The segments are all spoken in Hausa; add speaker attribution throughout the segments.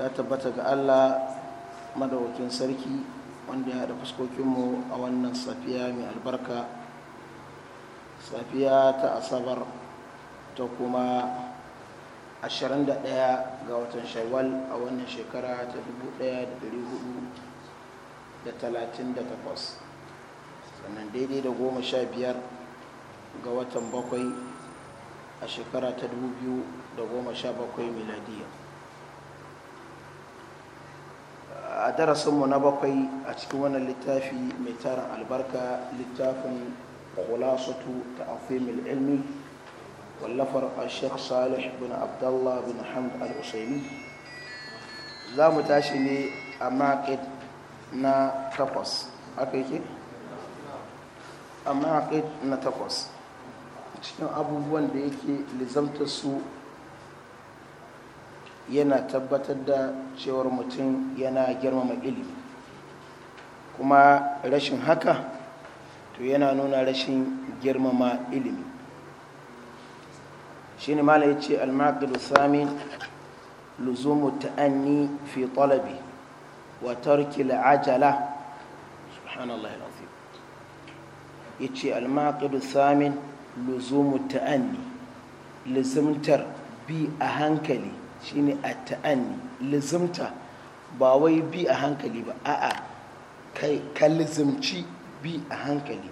Speaker 1: ta tabbata ga Allah madawakin sarki wanda ya da fuskokinmu a wannan safiya mai albarka safiya ta asabar ta kuma 21 ga watan shawwal a wannan shekara ta 1438 sannan daidai da goma sha biyar ga watan bakwai a shekara ta dubu biyu da goma sha bakwai a darasinmu na bakwai a cikin wannan littafi mai tarin albarka littafin khulasatu afimil ilmi wallafar Sheikh Salih bin Abdullah bin Hamd Al-Usaimi za mu tashi ne a maqid na takwas aka a na takwas cikin abubuwan da yake lizamta su yana tabbatar da cewar mutum yana girmama ilimi kuma rashin haka to yana nuna rashin girmama ilimi shi ne mala ya ce almakilu samin luzumu ta'anni fi talabi wa tarki la'ajala subhanallah alazim ya ce almakilu samin luzumu ta'anni lizimtar bi a hankali shine a ta'anni lizimta ba wai bi a hankali ba a'a kai ka lizimci bi a hankali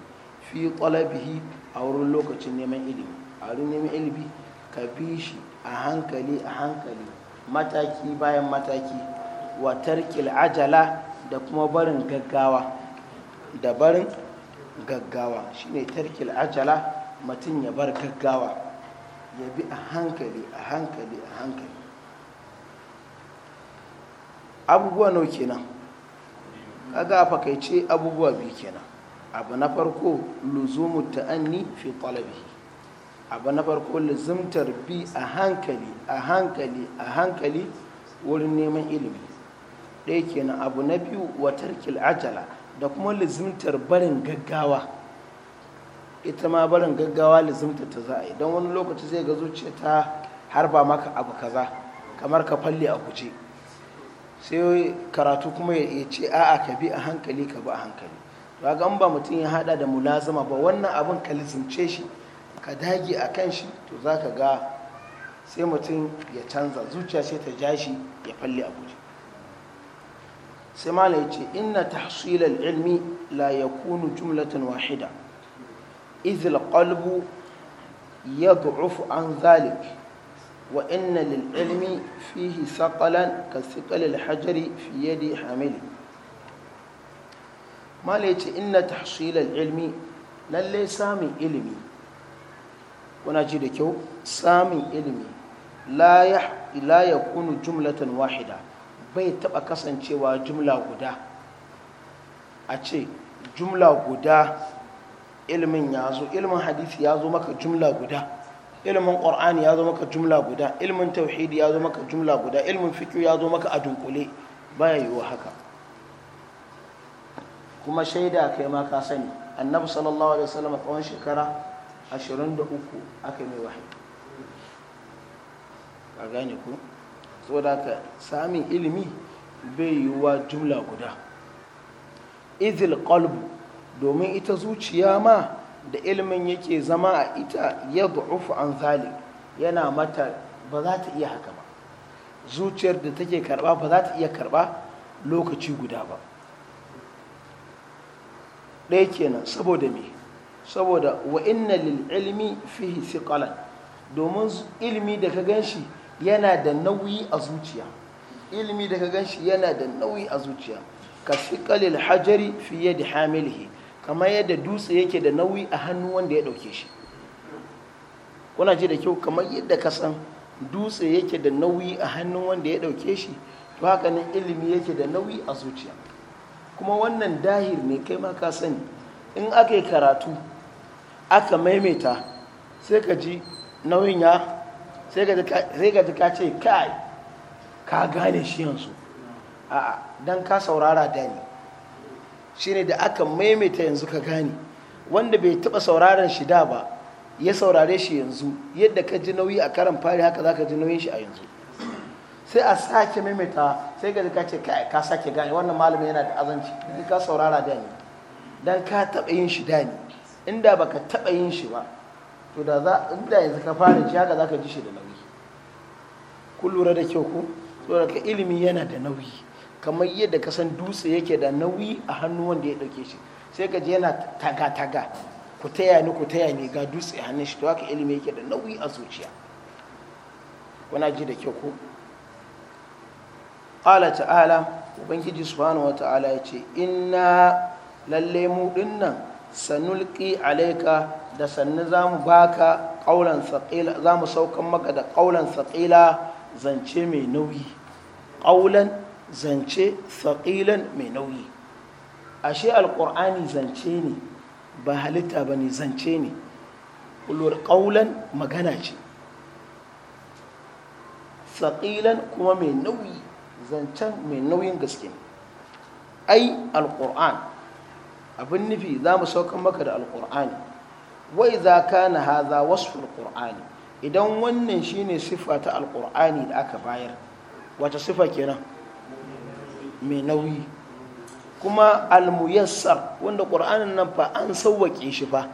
Speaker 1: fi talabihi a wurin lokacin neman ilimi a wurin neman ilimi ka bi shi a hankali a hankali mataki bayan mataki wa tarkil ajala da kuma barin gaggawa da barin gaggawa shine tarkil ajala mutum ya bar gaggawa ya bi a hankali a hankali a hankali abubuwa nau kenan kaga a fakaice abubuwa biyu kenan abu na farko luzumu ta'anni fi talabi abu na farko luzumtar bi a hankali a hankali a hankali wurin neman ilimi ɗaya kenan abu na biyu watar ajala da kuma luzumtar barin gaggawa ita ma barin gaggawa lizimta ta za a yi don wani lokaci zai ga zuciya ta harba maka abu kaza kamar ka falle a guje sai karatu kuma ya ce a'a ka bi a hankali ka bi a hankali ba ga ba mutum ya hada da mulazama ba wannan abin ka lizince shi ka dage a kan shi to za ka ga sai mutum ya canza zuciya sai ta ja shi ya falle a guje sai malam ya ce inna tahsilal ilmi la yakunu jumlatan wahida idh qalbu yad'ufu an zalik وإن للعلم فيه ثقلا كثقل الحجر في يد حامله ما ليت إن تحصيل العلم للي سامي علمي ونجد كيو سامي علمي لا يح لا يكون جملة واحدة bai taɓa kasancewa jumla guda a ce jumla guda ilimin ya zo ilimin hadisi ya zo maka jumla guda ilimin qur'ani ya zo maka jumla guda ilimin tauhidi ya zo maka jumla guda ilimin fikiyo ya zo maka a dunkule baya yiwuwa haka kuma shaida kai ma ka sani annabi sallallahu alaihi wasallam tsawon shekara 23 aka mai wahayi Ka gane ku saboda ka sami ilimi bai yiwuwa jumla guda izil qalbu domin ita zuciya ma da ilimin yake zama a ita ya du'ufu an zalik yana mata ba za ta iya haka ba zuciyar da take karba ba za ta iya karba lokaci guda ba ɗaya kenan saboda me saboda wa inna lil ilmi fihi thiqalan domin ilmi da ka ganshi yana da nauyi a zuciya ilmi da ka ganshi yana da nauyi a zuciya ka thiqalil hajari fi yadi hamilihi kamar yadda dutse yake da nauyi a hannu wanda ya ɗauke shi kuna ji da kyau kamar yadda ka san dutse yake da nauyi a hannun wanda ya ɗauke shi to haka nan ilimi yake da nauyi a zuciya kuma wannan dahir ne kai ma ka sani in aka yi karatu aka maimaita sai ka ji nauyin ya sai ka ji ka ce kai ka gane shi yanzu a'a don ka saurara da ni shine da aka maimaita yanzu ka gane wanda bai taba sauraron shi da ba ya saurare shi yanzu yadda ka ji nauyi a karan fari haka za ka ji nauyin shi a yanzu sai a sake maimaita sai ga ka ce ka sake gane wannan malamin yana da azanci in ka saurara da ni dan ka taɓa yin shi da ni inda baka taba yin shi ba to da za inda yanzu ka fara shi haka za ka ji shi da nauyi kun lura da kyau ko saboda ka ilimi yana da nauyi kamar yadda ka san dutse yake da nauyi a hannu wanda ya dauke shi sai ka je yana taga-taga ku taya ni ku taya ni ga dutse hannun shi to haka ilimi yake da nauyi a zuciya kuna ji da kyau ko ala ta'ala ubangiji subhanahu wa ta'ala ya ce inna lalle mu dinnan sanulqi alayka da sannu zamu baka qaulan saqila zamu saukan maka da qaulan saqila zance mai nauyi qaulan zance saƙilan mai nauyi ashe alƙur'ani zance ne ba halitta ba ne zance ne ƙaulan magana ce Saƙilan kuma mai nauyi zancen mai nauyin gaske ai alƙur'an abin nufi za mu saukan maka da alƙur'ani wai za ka na haza wasu alƙur'ani idan wannan shine siffa ta alƙur'ani da aka bayar wata siffa kenan mai nauyi kuma almuyassar wanda ƙur'anin nan fa an sauwaƙe shi fa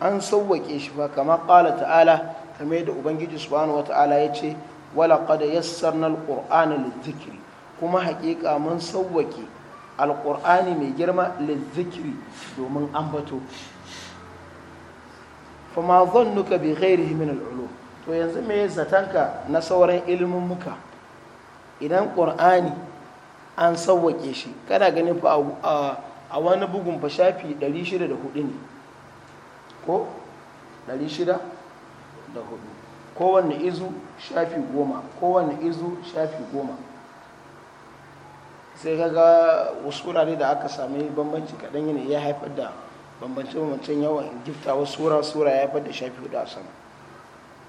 Speaker 1: an sauwaƙe shi fa kama ƙala ta'ala kame da ubangiji subhanahu wa ta'ala ya ce wala qad yassarna alqur'ana lidhikri kuma haƙiƙa mun sauwaƙe alqur'ani mai girma lidhikri domin ambato fa ma dhannuka bi ghairihi min al'ulum to yanzu me zatanka na sauran ilmin muka idan ƙur'ani an sauwake shi kana ganin fa a wani bugun fa shafi 604 ne ko 604 kowanne izu shafi goma kowanne izu shafi goma sai kaga wasu wurare da aka sami bambanci kaɗan yana ya haifar da bambance bambancin yawan gifta wasu sura-sura ya haifar da shafi hudu a sama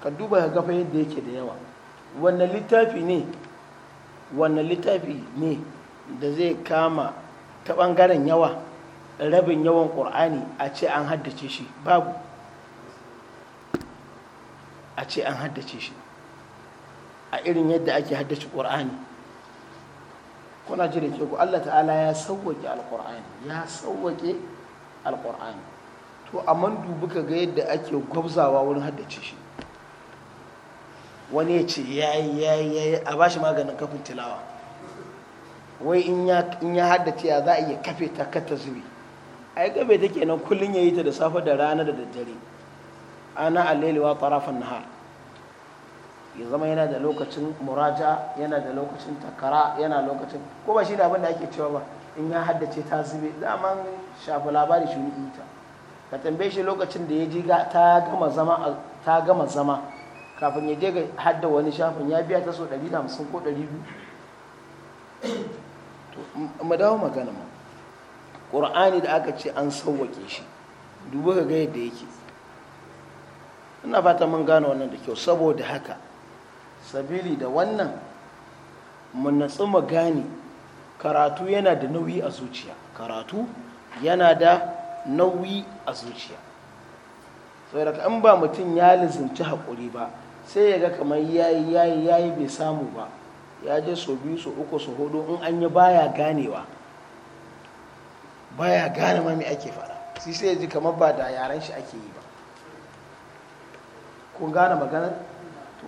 Speaker 1: ka duba ka gafa yadda yake da yawa wannan littafi ne wannan littafi ne da zai kama ta ɓangaren yawa rabin yawan ƙur'ani a ce an haddace shi babu a ce an haddace shi a irin yadda ake haddace ƙur'ani kuna ji da ke ku Allah ta'ala ya al alƙur'ani ya al alƙur'ani to amma dubu ka ga yadda ake gwabzawa wurin haddace shi wani ya ce ya yi ya yi a bashi maganin kafin tilawa wai in ya hada cewa za a iya kafe ta kata zubi ai kafe ta kenan kullum ya yi ta da safe da rana da daddare ana alelewa tarafin nahar ya zama yana da lokacin muraja yana da lokacin takara yana lokacin ko ba shi da abin da ake cewa ba in ya haddace ta zube zaman shafi labari shi ne ta ka tambaye shi lokacin da ya ji ta gama zama kafin ya je ga hadda wani shafin ya biya ta so 150 ko 200 mu dawo magana ma ƙur'ani da aka ce an sauwake shi dubu ga yadda yake ina fata mun gane wannan da kyau saboda haka sabili da wannan mu natsu mu gane karatu yana da nauyi a zuciya karatu yana da nauyi a zuciya da in ba mutum ya lizinci haƙuri ba sai ya ga kamar yayi yayi yayi bai samu ba ya je so biyu so uku so hudu in an yi baya ganewa baya gane ma me ake fara sai sai ya ji kamar ba da yaren shi ake yi ba kun gane magana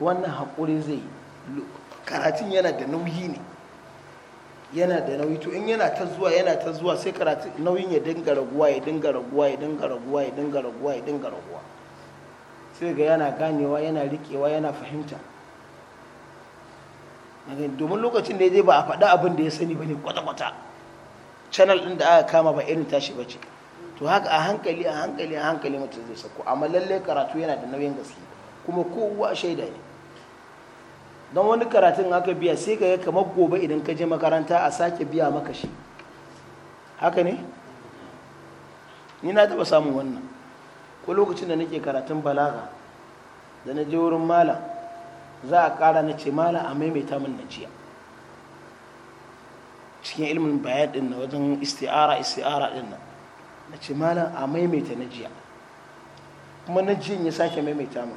Speaker 1: wannan haƙuri zai karatun yana da nauyi ne yana da nauyi to in yana ta zuwa yana ta zuwa sai karatun nauyin ya dinga raguwa ya dinga raguwa ya dinga raguwa ya dinga raguwa ya dinga raguwa sai ga yana ganewa yana riƙewa yana fahimta domin lokacin da ya je ba a faɗa abin da ya sani ba ne kwata-kwata channel ɗin da aka kama ba irin tashi ba ce to haka a hankali a hankali a hankali mutum zai sako amma lallai karatu yana da nauyin gaske kuma kowa shaida ne don wani karatun aka biya sai ka yi kamar gobe idan ka je makaranta a sake biya maka shi haka ne ni na taɓa samun wannan ko lokacin da nake karatun balaga da na je wurin malam za a ƙara na ce mala a maimaita min na jiya cikin ilimin bayan din na wajen isti'ara isti'ara din nan na ce mala a maimaita na jiya kuma na jiyan ya sake maimaita min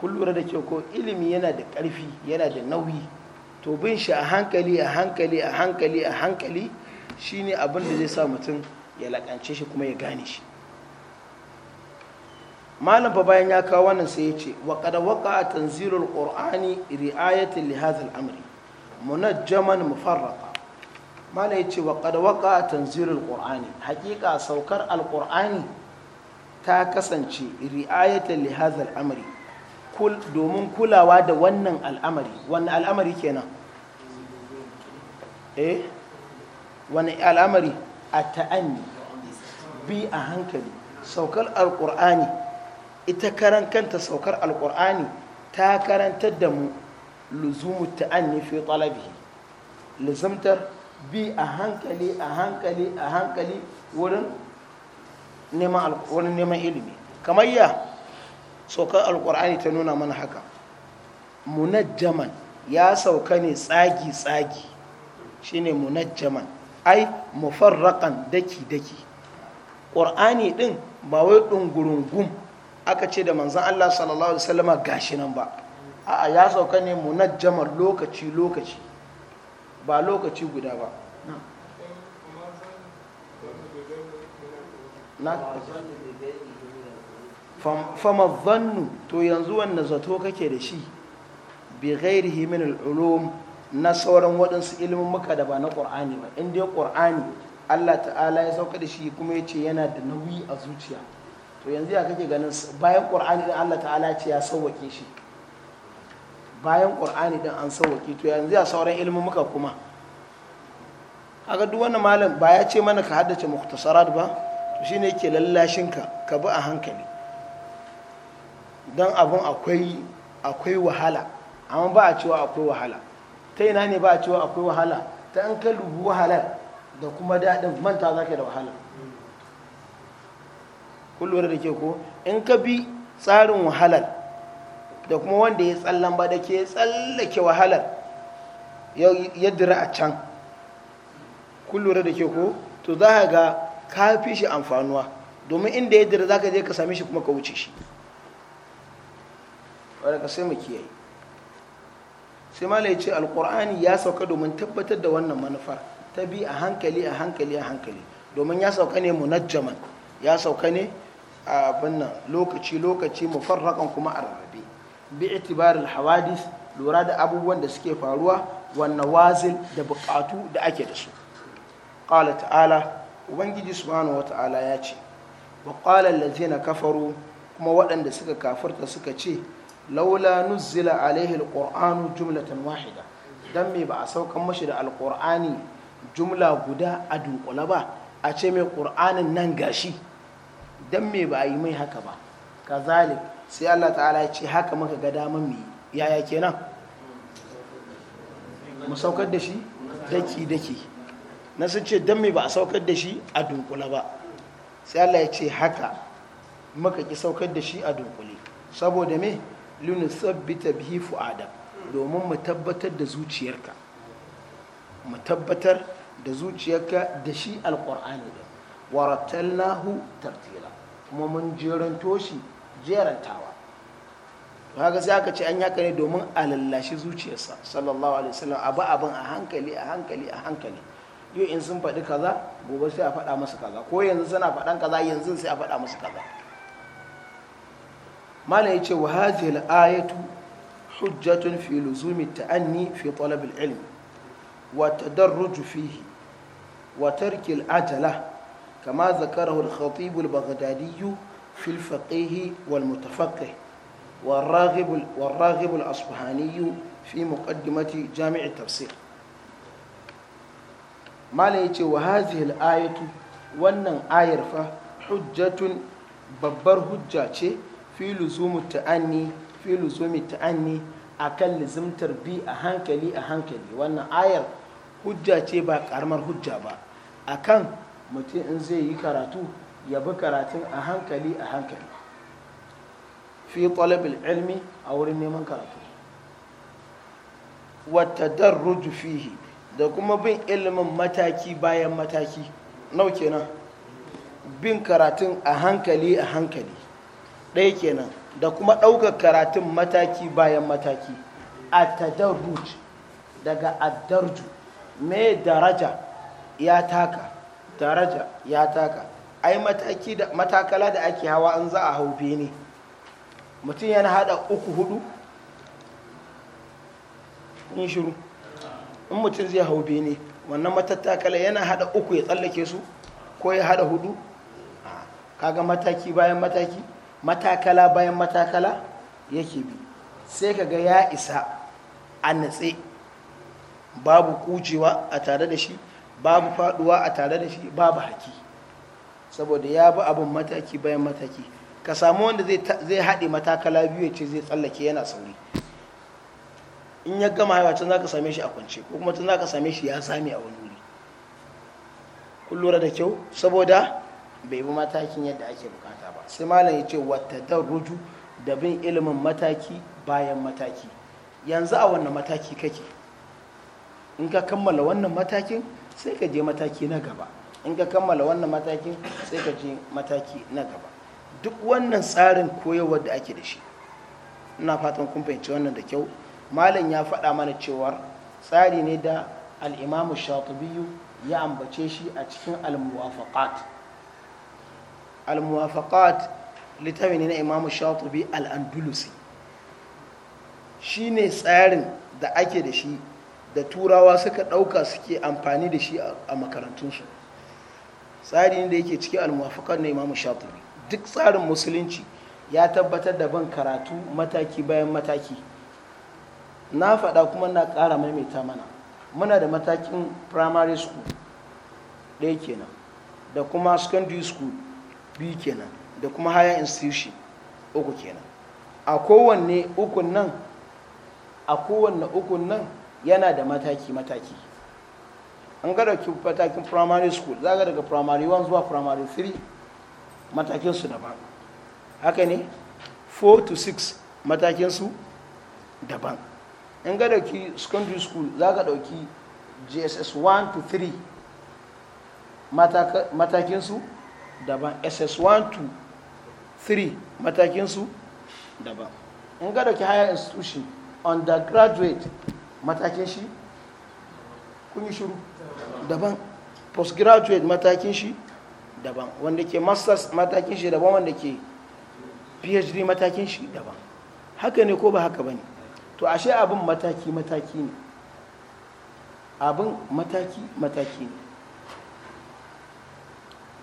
Speaker 1: kun lura da kyau ko ilimi yana da ƙarfi yana da nauyi to bin shi a hankali a hankali a hankali a hankali shine abin da zai sa mutum ya laƙance shi kuma ya gane shi malam fa bayan ya kawo wannan sai ya ce wa qad a tanzilul qur'ani ri'ayatan li hadha al-amri munajjaman mufarraqa malam ya ce wa qad a tanzilul qur'ani haqiqa saukar al-qur'ani ta kasance ri'ayatan li hadha al-amri kul domin kulawa da wannan al'amari wannan al'amari kenan eh wani al'amari a ta'anni bi a hankali saukar alkur'ani ita karan kanta saukar alkur'ani ta karantar da mu luzumu ta'anni fi talabi luzumtar bi a hankali a hankali a hankali wurin neman ilimi kamar ya saukar alkur'ani ta nuna mana haka munajjaman ya sauka ne tsagi-tsagi shine munajjaman ai mufarraƙan daki-daki ƙur'ani ɗin ba wai ɗungurungun aka ce da manzan Allah sallallahu alaihi wasallama gashi nan ba a'a ya sauka ne munajjamar lokaci lokaci ba lokaci guda ba fama zannu to yanzu wanda zato kake da shi bi ghairihi min al na sauran waɗansu ilimin muka da ba na ƙur'ani ba in dai ƙur'ani Allah ta'ala ya sauka da shi kuma ya ce yana da nauyi a zuciya to yanzu ya kake ganin bayan qur'ani din Allah ta'ala ce ya sauwake shi bayan qur'ani din an sauwake to yanzu ya sauran ilimin muka kuma kaga duk wannan malam ba ya ce mana ka haddace muktasarat ba to shine yake lallashin ka ka bi a hankali dan abun akwai wahala amma ba a cewa akwai wahala ta ina ne ba a cewa akwai wahala ta an ka wahala wahalar da kuma daɗin manta za ka da wahala kullum da ke ko in ka bi tsarin wahalar da kuma wanda ya tsallan ba da ke tsallake wahalar ya dira a can kullum da ke ko to za ka ga ka fi shi amfanuwa domin inda ya dira za ka je ka sami shi kuma ka wuce shi wadda ka sai mu kiyai. sai ma ce alkur'ani ya sauka domin tabbatar da wannan manufar ta bi a hankali a hankali a hankali domin ya sauka ne munajjaman ya sauka ne a nan lokaci lokaci mufarrakan kuma a rarrabe bi itibarin hawadis lura da abubuwan da suke faruwa wannan wazil da buƙatu da ake da su ƙala ta'ala ubangiji subhanahu ta'ala ya ce wa qala na kafaru kuma waɗanda suka kafirta suka ce laula nuzzila alaihi Alƙur'anu jumlatan wahida Don me ba a saukan mashi da Alƙur'ani jumla guda a dunkula ba a ce mai ƙur'anin nan gashi dan me ba a yi mai haka ba kazalik sai Allah ta'ala ya ce haka maka ga daman mu yaya kenan mu saukar da shi daki daki na sun ce dan me ba a saukar da shi a dunkula ba sai Allah ya ce haka maka ki saukar da shi a dunkule saboda me linusabbita bihi fu'ada domin mu tabbatar da zuciyarka mu tabbatar da zuciyarka da shi alƙur'ani da warattalnahu tartila kuma mun jeranto shi jerantawa haka sai aka ce an yaka ne domin a lallashi zuciyarsa sallallahu alaihi wasallam abu abin a hankali a hankali a hankali yau in sun faɗi kaza gobe sai a faɗa musu kaza ko yanzu suna faɗan kaza yanzu sai a faɗa musu kaza malam yace wa hadhihi al-ayatu hujjatun fi luzumi ta'anni fi talab al-ilm wa tadarruj fihi wa tarki al-ajala كما ذكره الخطيب البغدادي في الفقيه والمتفقه والراغب والراغب الأصفهاني في مقدمة جامع التفسير ما ليتي وهذه الآية wannan ayar fa hujjatun babbar hujja ce fi luzumu ta'anni fi luzumi ta'anni akan lizimtar bi a hankali a hankali wannan ayar hujja ce ba karamar hujja ba akan mutum in zai yi karatu ya bi karatun a hankali a hankali fi talabil ilmi a wurin neman karatu wata darruju fihi da kuma bin ilimin mataki bayan mataki nau kenan bin karatun a hankali a hankali ɗaya kenan da kuma ɗaukar karatun mataki bayan mataki a tadarruj daga addarju mai daraja ya taka daraja ya taka ai matakala da ake hawa an za a hau bene mutum yana hada uku hudu in shiru in mutum zai hau bene wannan matattakala yana hada uku ya tsallake su ko ya hada hudu kaga mataki bayan mataki matakala bayan matakala yake bi sai kaga ya isa a natse babu kujewa a tare da shi babu faduwa a tare da shi babu haki saboda ya bi abin mataki bayan mataki ka samu wanda zai haɗe matakala biyu ce zai tsallake yana sauri in ya gama haifa can za ka same shi a kwance ko kuma can za ka same shi ya sami a wani wuri kun da kyau saboda bai bi matakin yadda ake bukata ba sai malam ya ce wata ruju da bin ilimin mataki bayan mataki yanzu a wannan mataki kake in ka kammala wannan matakin sai ka je mataki na gaba in ka kammala wannan matakin sai ka je mataki na gaba duk wannan tsarin koyarwar da ake da shi ina fatan kun fahimci wannan da kyau malam ya faɗa mana cewa tsari ne da al'imamu shatibiyu ya ambace shi a cikin al-muwafaqat al-muwafaqat littafi ne na imamu shatibi al-andalusi shine tsarin da ake da shi da turawa suka ɗauka suke amfani da shi a makarantunsu tsari ne da yake cikin almuwafakar na imamu shafi duk tsarin musulunci ya tabbatar da ban karatu mataki bayan mataki na faɗa kuma na ƙara maimaita mana muna da matakin primary school ɗaya kenan da kuma secondary school biyu kenan da kuma higher institution uku kenan a kowanne ukun nan a kowanne ukun nan yana da mataki-mataki an gada dauki matakin primary school za ga daga primary 1 zuwa primary 3 matakinsu daban haka ne 4 to 6 matakinsu daban in ga dauki secondary school za ka dauki jss 1 to 3 matakinsu daban ss 1 to 3 matakinsu daban in ga dauki higher institution undergraduate matakin shi kun yi shuru daban postgraduate matakin shi daban wanda ke masters matakin shi daban wanda ke phd matakin shi daban haka ne ko ba haka ba ne to ashe abin mataki-mataki ne abin mataki-mataki ne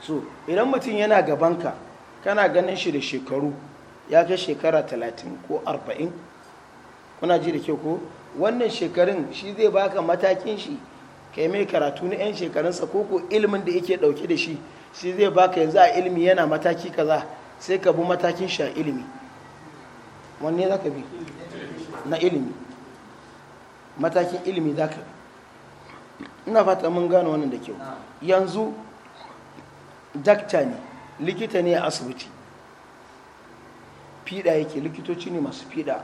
Speaker 1: so idan mutum yana gabanka kana ganin shi da shekaru ya kai shekara 30 ko kuna ji da ke ko wannan shekarun shi zai baka matakin shi kai mai karatu na 'yan shekarunsa ko ko ilimin da yake dauke da shi shi zai baka yanzu a ilimi yana mataki kaza sai ka bi matakin shi a ilimi wanne za ka bi na ilimi matakin ilimi za ka bi ina fata mun gano wannan da kyau yanzu dakta ne likita ne a asibiti fiɗa yake likitoci ne masu fiɗa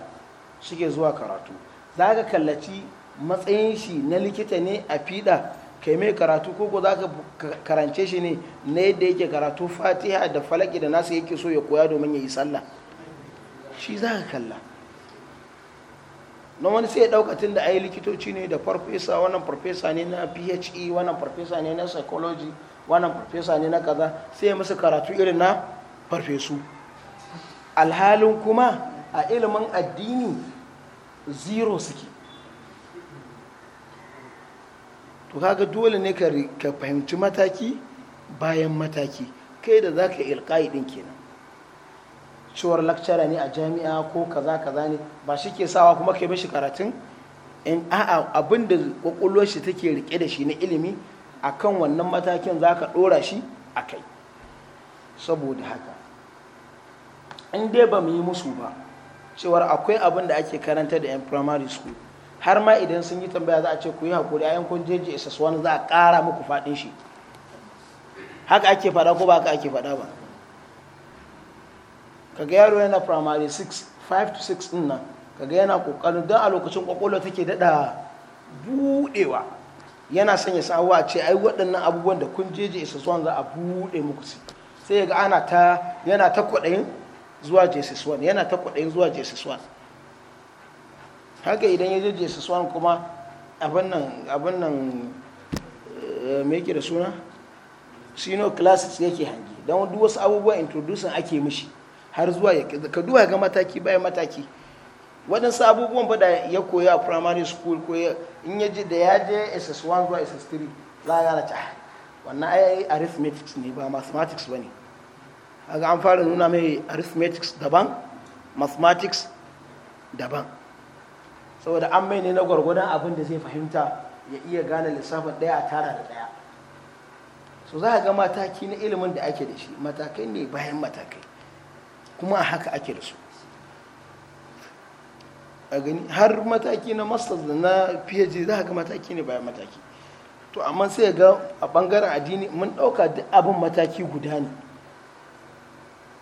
Speaker 1: suke zuwa karatu za ka kallaci matsayin shi na likita ne a fiɗa yi mai karatu ko za ka karance shi ne na yadda yake karatu fatiha da falaki da nasu yake so ya koya domin ya yi sallah shi za ka kalla don wani sai ya ɗauka tun da ayi likitoci ne da farfesa wannan farfesa ne na phe wannan farfesa ne na psychology wannan farfesa ne na kaza sai ya musu karatu irin na farfesu alhalin kuma a ilimin addini zero suke to kaga dole ne ka fahimci mataki bayan mataki kai da zaka ka ilka'i din kenan cewar lakcara ne a jami'a ko kaza kaza ne ba shi ke sawa kuma kai mashi karatun in a'a abinda da kwakwalwar shi take rike da shi na ilimi akan wannan matakin zaka ka ɗora shi a kai saboda haka in dai ba mu yi musu ba cewar akwai abin da ake karanta da 'yan primary school har ma idan sun yi tambaya za a ce ku yi haƙuri a yankun jeji isas wani za a ƙara muku faɗin shi haka ake faɗa ko ba haka ake faɗa ba kaga yaro yana primary 6 5 to 6 din nan kaga yana kokarin don a lokacin kwakwalwa take daɗa buɗewa yana sanya sa'awa a ce ai waɗannan abubuwan da kun jeji isas wani za a buɗe muku sai ga ana ta yana ta kwaɗayin zuwa jesus 1 yana ta kwaɗayin zuwa jesus 1 haka idan ya je jesus 1 kuma abin nan abin nan eh, me da suna sino classics yake hangi don duk wasu abubuwa introducing ake mishi har zuwa ya ka duwa ga mataki bayan mataki waɗansu abubuwan ba da ya koya a primary school ko in ya ji da ya je ss1 zuwa ss3 za a gane ta ah, wannan ai arithmetics ne ba mathematics ba ne aga an fara nuna mai arithmetics daban mathematics daban saboda an mai ne na gwargwadon abin da zai fahimta ya iya gane lissafin daya a tara da daya so za a ga mataki na ilimin da ake da shi matakai ne bayan matakai kuma haka ake da su har mataki na masters da na phd za a ga mataki ne bayan mataki to amma sai ga a bangaren addini mun ɗauka duk abin mataki guda ne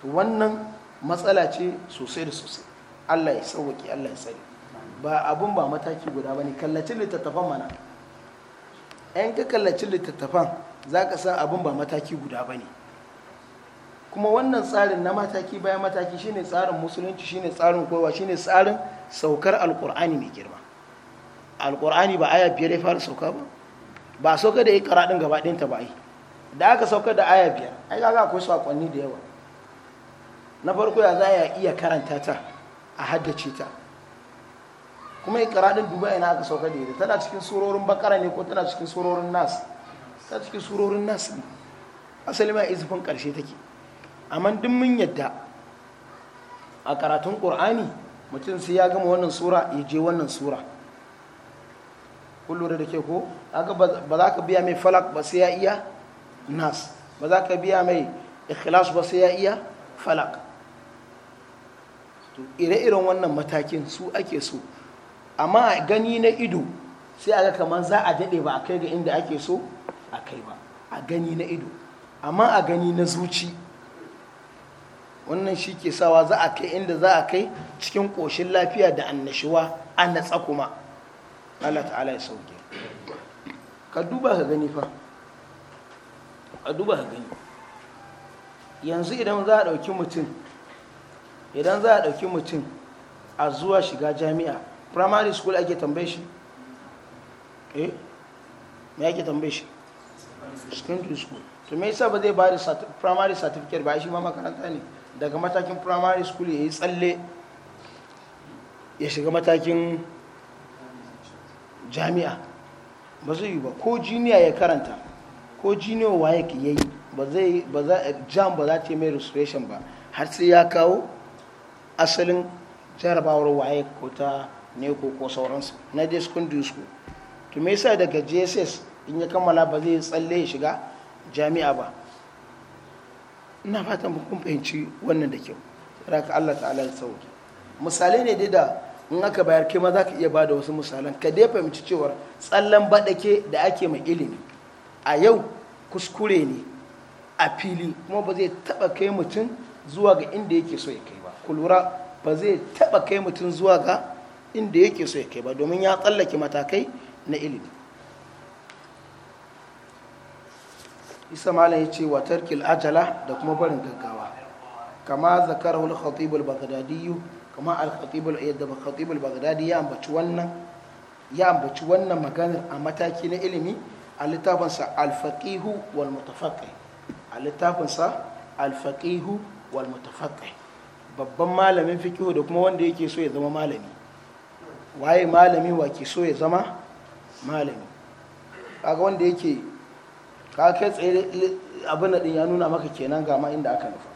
Speaker 1: to wannan matsala ce sosai da sosai Allah ya sauwaƙi Allah ya sani ba abun ba mataki guda ba ne kallacin littattafan mana ‘yan ka kallacin littattafan za ka san abun ba mataki guda ba ne kuma wannan tsarin na mataki bayan mataki shine tsarin musulunci shine tsarin kowa shine tsarin saukar alkur'ani mai girma alkur'ani ba aya biyar ya fara sauka ba ba sauka da ya karaɗin din gaba ɗinta ba yi da aka sauka da aya biyar ai kaga akwai sakonni da yawa na farko ya za ya iya karanta ta a haddace ta kuma yi karadin duba ina aka sauka da ita tana cikin surorin bakara ne ko tana cikin surorin nas ta cikin surorin nas ne asali ma izufin karshe take amma duk mun yadda a karatun qur'ani mutum sai ya gama wannan sura ya je wannan sura kullum da ke ko haka ba za ka biya mai falak ba sai ya iya nas ba za ka biya mai ikhlas ba sai ya iya falak to ire-iren wannan matakin su ake so amma gani na ido sai aga kamar za a daɗe ba a kai ga inda ake so a kai ba a gani na ido amma a gani na zuci wannan shi ke sawa za a kai inda za a kai cikin ƙoshin lafiya da annashuwa a natsa kuma Allah ta'ala ya sauke ka duba ka gani fa ka duba ka gani yanzu idan za a ɗauki mutum idan za a ɗauki mutum a zuwa shiga jami'a primary school ake tambaye shi eh me ake tambaye shi secondary school to me yasa ba zai ba da primary certificate ba shi ma makaranta ne daga matakin primary school ya yi tsalle ya shiga matakin jami'a ba zai yi ba ko junior ya karanta ko junior waye ya yi ba zai ba za jam ba za ta yi mai registration ba har sai ya kawo asalin jarabawar waye ko ta neko ko sauransu na dai sukun dusku to me yasa daga jss in ya kammala ba zai tsalle ya shiga jami'a ba ina fatan kun fahimci wannan da kyau raka Allah ta'ala ya sauki misalai ne dai da in aka bayar kai ma za ka iya ba da wasu misalan ka dai fahimci cewar tsallan baɗake da ake mai ilimi a yau kuskure ne a fili kuma ba zai taɓa kai mutum zuwa ga inda yake so ya kai Kulura ba zai taɓa kai mutum zuwa ga inda yake so ya kai ba domin ya tsallake matakai na ilimi isa malam ya ce wa tarkil ajala da kuma barin gaggawa kama zakar wani khatibul al kama al-khatib al khatibul al ya ambaci wannan ya ambaci wannan maganar a mataki na ilimi a littafinsa al a littafinsa babban malamin fikihu da kuma wanda yake so ya zama malami waye malami wa ke so ya zama malami kaga wanda yake ka kai tsaye abin da ya nuna maka kenan ga ma inda aka nufa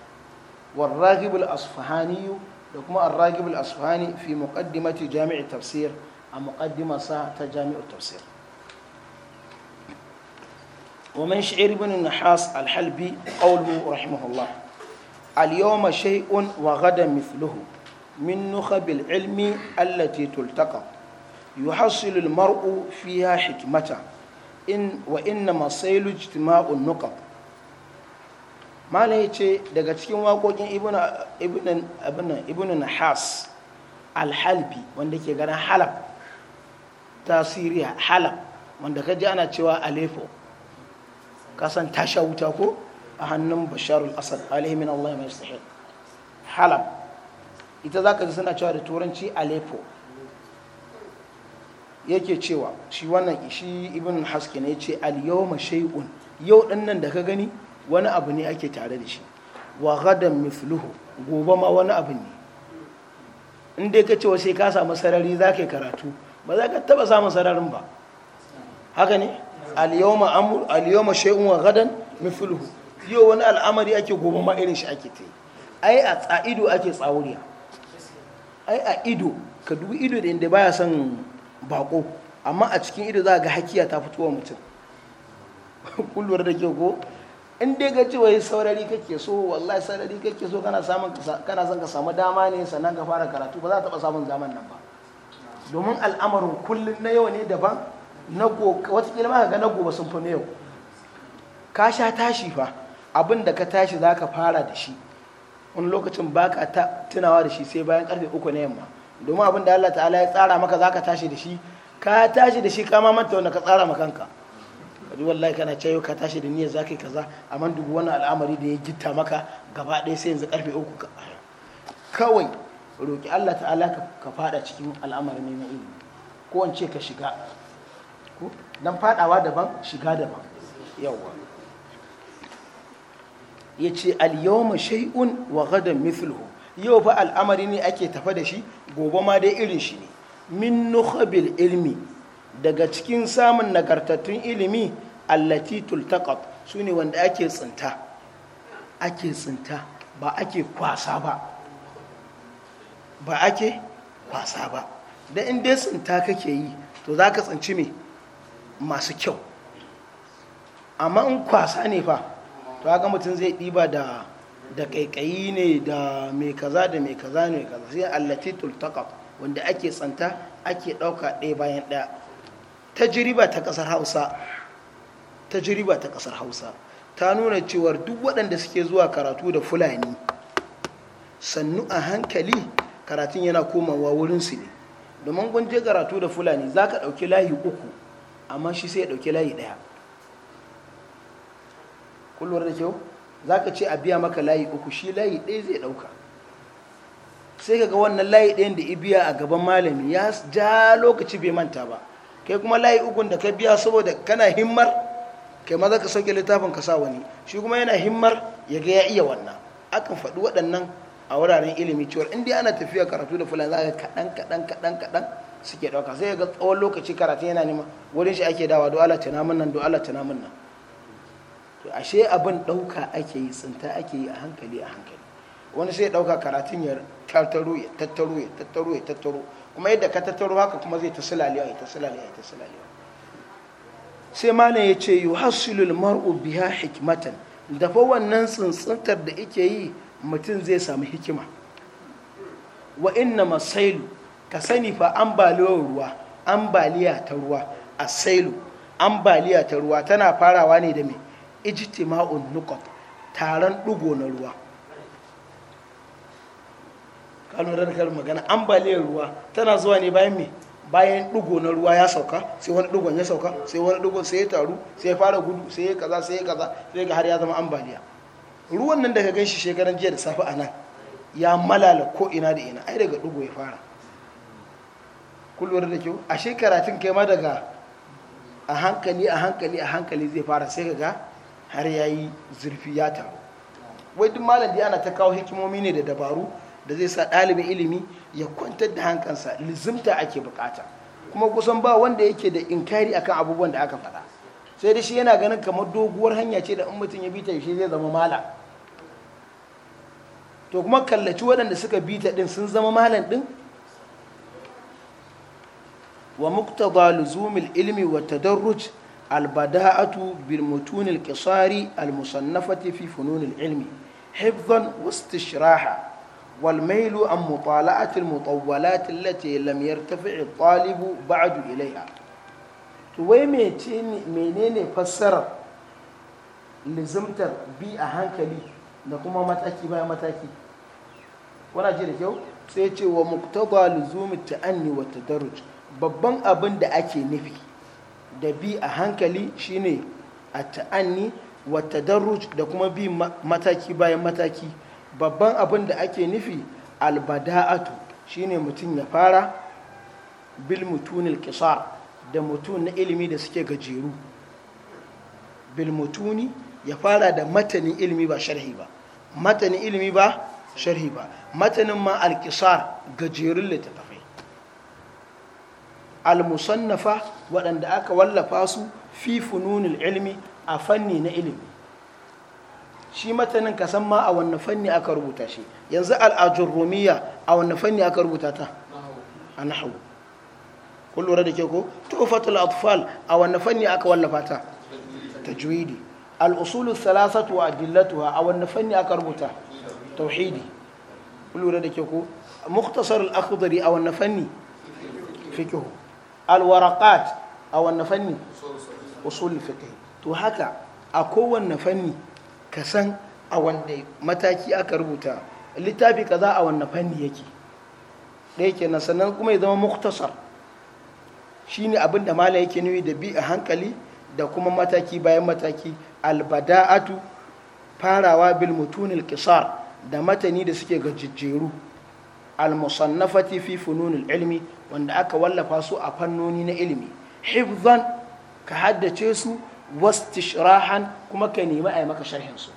Speaker 1: warragibul asfahani da kuma arragibul asfahani fi muqaddimati jami'i tafsir a sa ta jami'u tafsir ومن شعير بن النحاس الحلبي قوله رحمه الله al-yawma shay'un wa ghadan mithluhu min nukhabil ilmi allati tultaqa yuhassilu al-mar'u fiha hikmata in wa inna masailu ijtima'un nuqab malai ce daga cikin waƙoƙin ibn nahas alhalbi wanda ke ganin halab ta siriya halab wanda kaji ana cewa aleppo kasan tasha wuta ko a hannun basharul asad alaihi min allah mai sahih halab ita za ka ji suna cewa da turanci aleppo yake cewa shi wannan shi ibn haske ne ce al-yawma shay'un yau din nan da ka gani wani abu ne ake tare da shi wa gadan mithluhu gobe ma wani abu ne inda ka ce sai ka samu sarari za ka karatu ba za ka taba samun sararin ba haka ne al-yawma amr al-yawma shay'un wa mithluhu yau wani al'amari ake goma ma irin shi ake ta yi ai a ido ake tsawuriya ai a ido ka dubi ido da inda baya son bako amma a cikin ido za ga hakiya ta fito wa mutum kullum da ke ko in dai ga cewa yi saurari kake so wallahi saurari kake so kana son ka samu dama ne sannan ka fara karatu ba za ta taɓa samun zaman nan ba domin al'amarin kullum na yau ne daban na go wata ma ka ga na gobe sun fi na yau ka sha tashi fa abin da ka tashi za ka fara da shi wani lokacin ba ka tunawa da shi sai bayan karfe uku na yamma domin abin da Allah ta'ala ya tsara maka za ka tashi da shi ka tashi da shi ka ma manta wanda ka tsara ma kanka kaji wallahi kana cewa ka tashi da niyyar zaka yi kaza amma duk wani al'amari da ya gitta maka gaba ɗaya sai yanzu karfe uku ka kawai roki Allah ta'ala ka fada cikin al'amari ne na ilimi ko in ka shiga dan fadawa daban shiga daban yawwa ya ce al-yawma shay'un wa gadan mithluhu yau fa al'amari ne ake tafa da shi gobe ma dai irin shi ne min nukhabil ilmi daga cikin samun nagartattun ilimi allati tultaqat su ne wanda ake tsinta ake tsinta ba ake kwasa ba ba ake kwasa ba da in dai tsinta kake yi to za ka tsinci me masu kyau amma in kwasa ne fa kaga mutum zai ɗiba da da kaikayi ne da mai kaza da mai kaza ne kaza sai allati tultaqat wanda ake tsanta ake ɗauka ɗaya bayan ɗaya tajriba ta ƙasar Hausa tajriba ta ƙasar Hausa ta nuna cewa duk waɗanda suke zuwa karatu da fulani sannu a hankali karatun yana komawa wurinsu ne domin kun karatu da fulani za ka ɗauki layi uku amma shi sai ya ɗauki layi ɗaya kullum da kyau za ka ce a biya maka layi uku shi layi ɗaya zai ɗauka sai ka ga wannan layi ɗayan da ibiya a gaban malami ya ja lokaci bai manta ba kai kuma layi ukun da ka biya saboda kana himmar kai maza ka sauke littafin ka sa wani shi kuma yana himmar ya ga ya iya wannan akan faɗi waɗannan a wuraren ilimi cewar inda ana tafiya karatu da fulani za ka kaɗan kaɗan kaɗan kaɗan suke ɗauka sai ga tsawon lokaci karatu yana nema wurin shi ake dawa do Allah tana min nan do Allah tana min nan ashe abin ɗauka ake yi tsinta ake yi a hankali a hankali wani sai ɗauka karatun ya tattaro ya tattaro ya tattaro ya tattaro kuma yadda ka tattaro haka kuma zai ta silalewa ya ta silalewa ya ta silalewa sai malam ya ce yi hasulul mar'u biya hikmatan da fa wannan tsintsintar da ike yi mutum zai samu hikima wa inna masailu ka sani fa ambaliyar ruwa ambaliya ta ruwa a sailu ambaliya ta ruwa tana farawa ne da mai ijtima'un nuqat taron dugo na ruwa kalmar kalmar magana ambaliyar ruwa tana zuwa ne bayan me bayan dugo na ruwa ya sauka sai wani dugon ya sauka sai wani dugon sai ya taru sai ya fara gudu sai ya kaza sai ya kaza sai ga har ya zama ambaliya ruwan nan da ka ganshi shekaran jiya da safe a nan ya malala ko ina da ina ai daga dugo ya fara kullum da kyau a shekaratin kai ma daga a hankali a hankali a hankali zai fara sai ka ga har ya yi zurfi ya taru wai duk malam da ana ta kawo hikimomi ne da dabaru da zai sa ɗalibin ilimi ya kwantar da hankansa lizimta ake bukata kuma kusan ba wanda yake da inkari akan abubuwan da aka faɗa sai da shi yana ganin kamar doguwar hanya ce da in mutum ya bita shi zai zama malam to kuma kallaci waɗanda suka bita ɗin sun zama malam ɗin wa muktaba luzumil ilmi wa tadarruj albada'atu bil mutun al qisari al musannafati fi funun ilmi hifdhan wa istishraha wal an mutala'ati al mutawwalat allati lam yartafi al talib ba'd ilayha to wai mece menene fassarar lizimtar bi a hankali da kuma mataki bayan mataki kuna ji da kyau sai ce wa muktada lizumi ta wa tadarruj babban abin da ake nufi da bi a hankali shine a ta'anni wata da kuma bi mataki bayan mataki babban abin da ake nufi albada'atu shine mutum ya fara bil mutunil kisa da mutum na ilimi da suke gajeru bil mutuni ya fara da matanin ilimi ba sharhi ba matanin ilimi ba sharhi ba matanin ma alkisar gajerun littattafai al-musannafa waɗanda aka wallafa su fi fununil ilmi a fanni na ilimi shi matanin ka san ma a wanne fanni aka rubuta shi yanzu al'ajurrumiya a wanne fanni aka rubuta ta a nahawu ku lura da ke ko tufatul atfal a wanne fanni aka wallafa ta ta tajwidi al'usulu salasatu wa adillatuwa a wanne fanni aka rubuta tauhidi ku lura da ke ko muktasar al'akhdari a wanne fanni fikihu alwarakat a wanne fanni usul fiqh to haka a kowanne fanni ka san a wanne mataki aka rubuta littafi kaza a wanne fanni yake ɗaya kenan sannan kuma ya zama muktasar shine abin da mala yake nuyi da bi a hankali da kuma mataki bayan mataki albada'atu farawa bil mutunil da matani da suke gajejjeru almusannafati musannafati fi fununil ilmi wanda aka wallafa su a fannoni na ilimi hifzan ka haddace su wastishrahan kuma ka nemi a yi maka sharhin su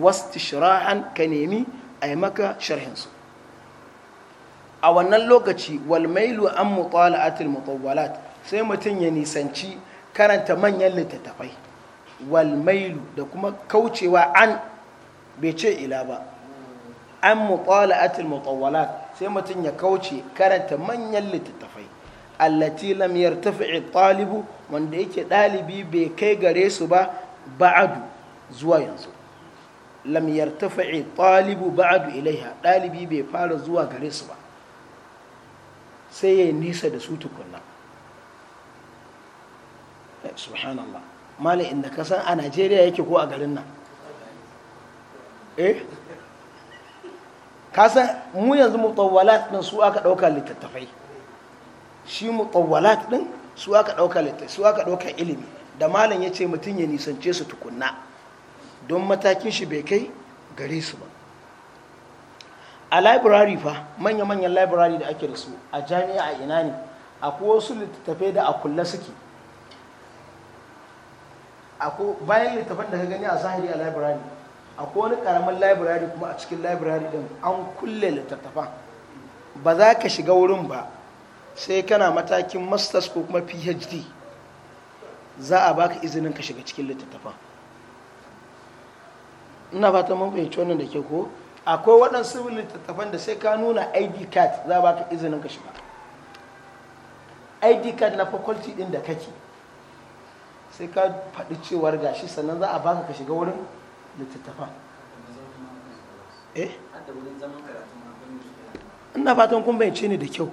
Speaker 1: wastishrahan ka nemi a yi maka sharhin su a wannan lokaci walmailu an mutala'atil mutawwalat sai mutum ya nisanci karanta manyan littattafai walmailu da kuma kaucewa an bai ce ila ba an mutala'atil mutawwalat sai mutum ya kauce karanta manyan littattafai allati lam yartafi talibu wanda yake dalibi bai kai gare su ba ba'adu zuwa yanzu lam yartafi talibu ba'adu ilaiha dalibi bai fara zuwa gare su ba sai ya nisa da su tukunna subhanallah malai inda ka san a najeriya yake ko a garin nan eh kasan mu yanzu mutawwalat din su aka dauka littattafai shi mutawwalat din su aka dauka littattafai su aka dauka ilimi da malam ya ce mutum ya nisance su tukunna don matakin shi bai kai gare su ba a library fa manya-manyan library da ake da su a jami'a a ina ne akwai wasu littattafai da a kulle suke bayan littattafan da ka gani a zahiri a library akwai wani karamin library kuma a cikin library din an kulle littattafan ba za ka shiga wurin ba sai kana matakin masters ko kuma phd za a baka izinin ka shiga cikin littattafan ina fata mun fahimci wannan da ke ko akwai waɗansu littattafan da sai ka nuna id card za a baka izinin ka shiga id card na faculty din da kake sai ka faɗi cewar gashi sannan za a baka ka shiga wurin littattafa eh ina fatan kun bayance ni da kyau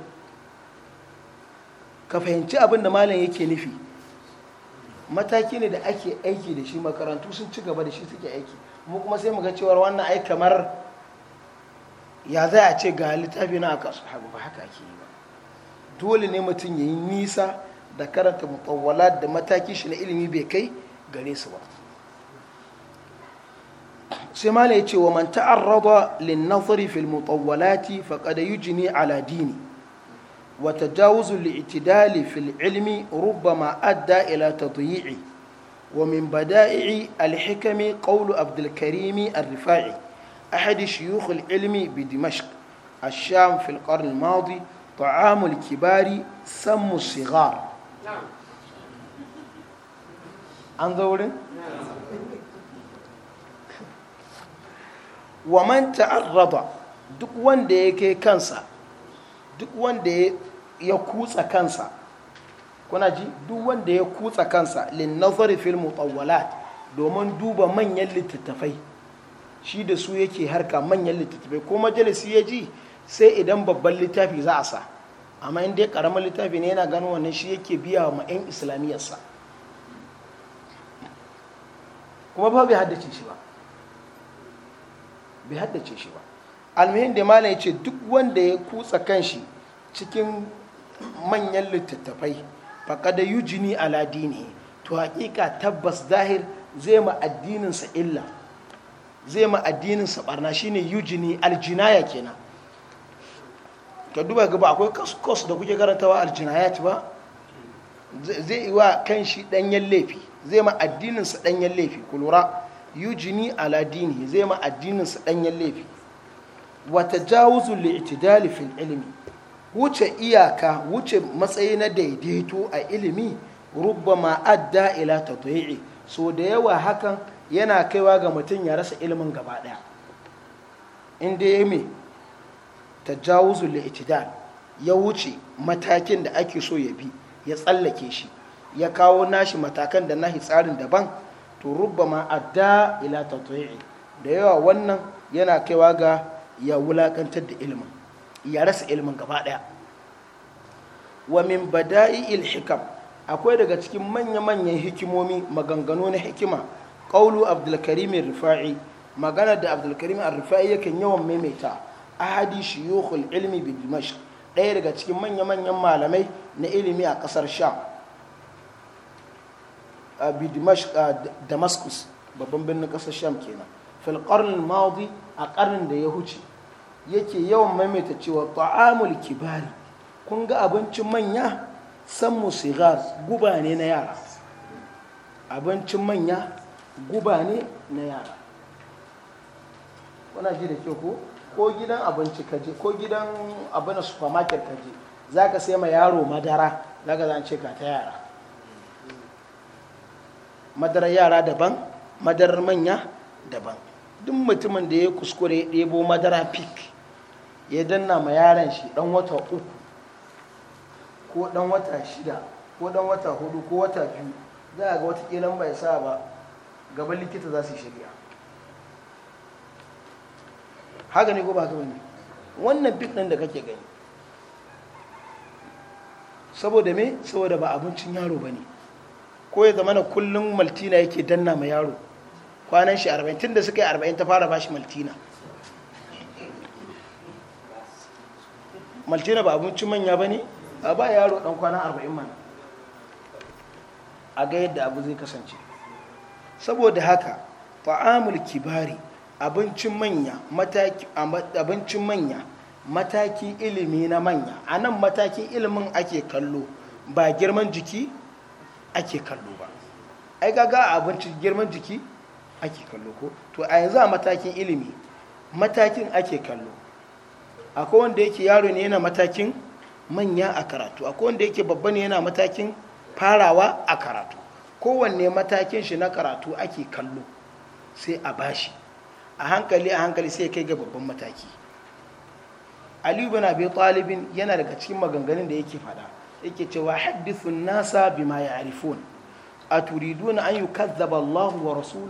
Speaker 1: ka fahimci abin da malam yake nufi mataki ne da ake aiki da shi makarantu sun ci gaba da shi suke aiki mu kuma sai mu ga cewar wannan ai kamar ya za a ce ga littafi na aka su ba haka ake yi ba dole ne mutum ya yi nisa da karanta mutawwala da mataki shi na ilimi bai kai gare su ba sai mala ya ce wa man ta'arrada lin nazari fil mutawwalati faqad yujni ala dini wa tajawuzu li'tidali fil ilmi rubbama adda ila tadyi'i wa min bada'i al hikami qawlu abdul karim ar rifa'i ahadi shuyukh al ilmi bi dimashq الشام في القرن الماضي طعام الكبار سم الصغار نعم عن ذوره نعم wa man ta'arrada duk wanda ya kai kansa duk wanda ya kutsa kansa kuna ji duk wanda ya kutsa kansa lin nazari fil mutawwalat domin duba manyan littattafai shi da su yake harka manyan littattafai ko majalisi ya ji sai idan babban littafi za a sa amma in dai karamin littafi ne yana ganin wannan shi yake biya wa 'yan islamiyarsa kuma ba bai haddace shi ba bai haddace shi ba almuhim da malam ya ce duk wanda ya kutsa kanshi cikin manyan littattafai faƙada yujini ala dini to haƙiƙa tabbas zahir zai ma addininsa illa zai ma addininsa barna shine yujini aljinaya kenan ka duba gaba akwai kaskos da kuke karantawa aljinayat ba zai yi wa kan shi ɗanyen laifi zai ma addininsa ɗanyen laifi ku yujini jini aladini zai ma addinin su danyen laifi wa tajawuzu li fil ilimi. wuce iyaka wuce matsayi na daidaito a ilimi ma adda ila ta tadhi'i so da yawa hakan yana kaiwa ga mutum ya rasa ilimin gaba daya inda ya mai tajawuzu li itidal ya wuce matakin da ake so ya bi ya tsallake shi ya kawo nashi matakan da nahi tsarin daban to rubbama adda ila tatwi'i da yawa wannan yana kaiwa ga ya wulakantar da ilimin ya rasa ilimin gaba daya wa min il hikam akwai daga cikin manya-manyan hikimomi maganganu na hikima qawlu abdulkarim rifa'i magana da abdulkarim rifa'i yakan yawan maimaita ahadi shuyukhul ilmi bi dimashq ɗaya daga cikin manya-manyan malamai na ilimi a ƙasar sham damascus babban birnin kasar sham kenan fil qarnin madi a karnin da ya huce yake yawan maimaita cewa ta'amul kibari kun ga abincin manya san musigar guba ne na yara abincin manya guba ne na yara kuna ji da ke ko ko gidan abinci kaje ko gidan abin supermarket kaje za ka sai ma yaro madara za ka zance ka ta yara madarar yara daban madarar manya daban duk mutumin da ya kuskure ya ɗebo madara pik ya danna ma yaran shi ɗan wata uku ko ɗan wata shida ko ɗan wata hudu ko wata biyu za a ga wata ƙilan bai sa ba gaban likita za su yi shirya haka ne ko ba haka ne wannan pik ɗin da kake gani saboda me saboda ba abincin yaro ba ne ko ya zama na kullum maltina yake danna ma yaro kwanan shi arba'in tun da suka yi arba'in ta fara bashi maltina maltina ba abincin manya ba ne a ba yaro dan kwanan arba'in mana a ga yadda abu zai kasance saboda haka fa'amul kibari abincin manya mataki abincin manya mataki ilimi na manya a nan matakin ilimin ake kallo ba girman jiki ake kallo ba ai gaga abincin girman jiki ake kallo ko to a yanzu a matakin ilimi matakin ake kallo akwai wanda yake yaro ne yana matakin manya a karatu akwai wanda yake babba ne yana matakin farawa a karatu kowanne matakin shi na karatu ake kallo sai a bashi a hankali a hankali sai kai ga babban mataki aliyu bin abi talibin yana daga cikin maganganun da yake fada yake cewa haddithun nasa bima aturiduna an yukazzaba Allah wa rasul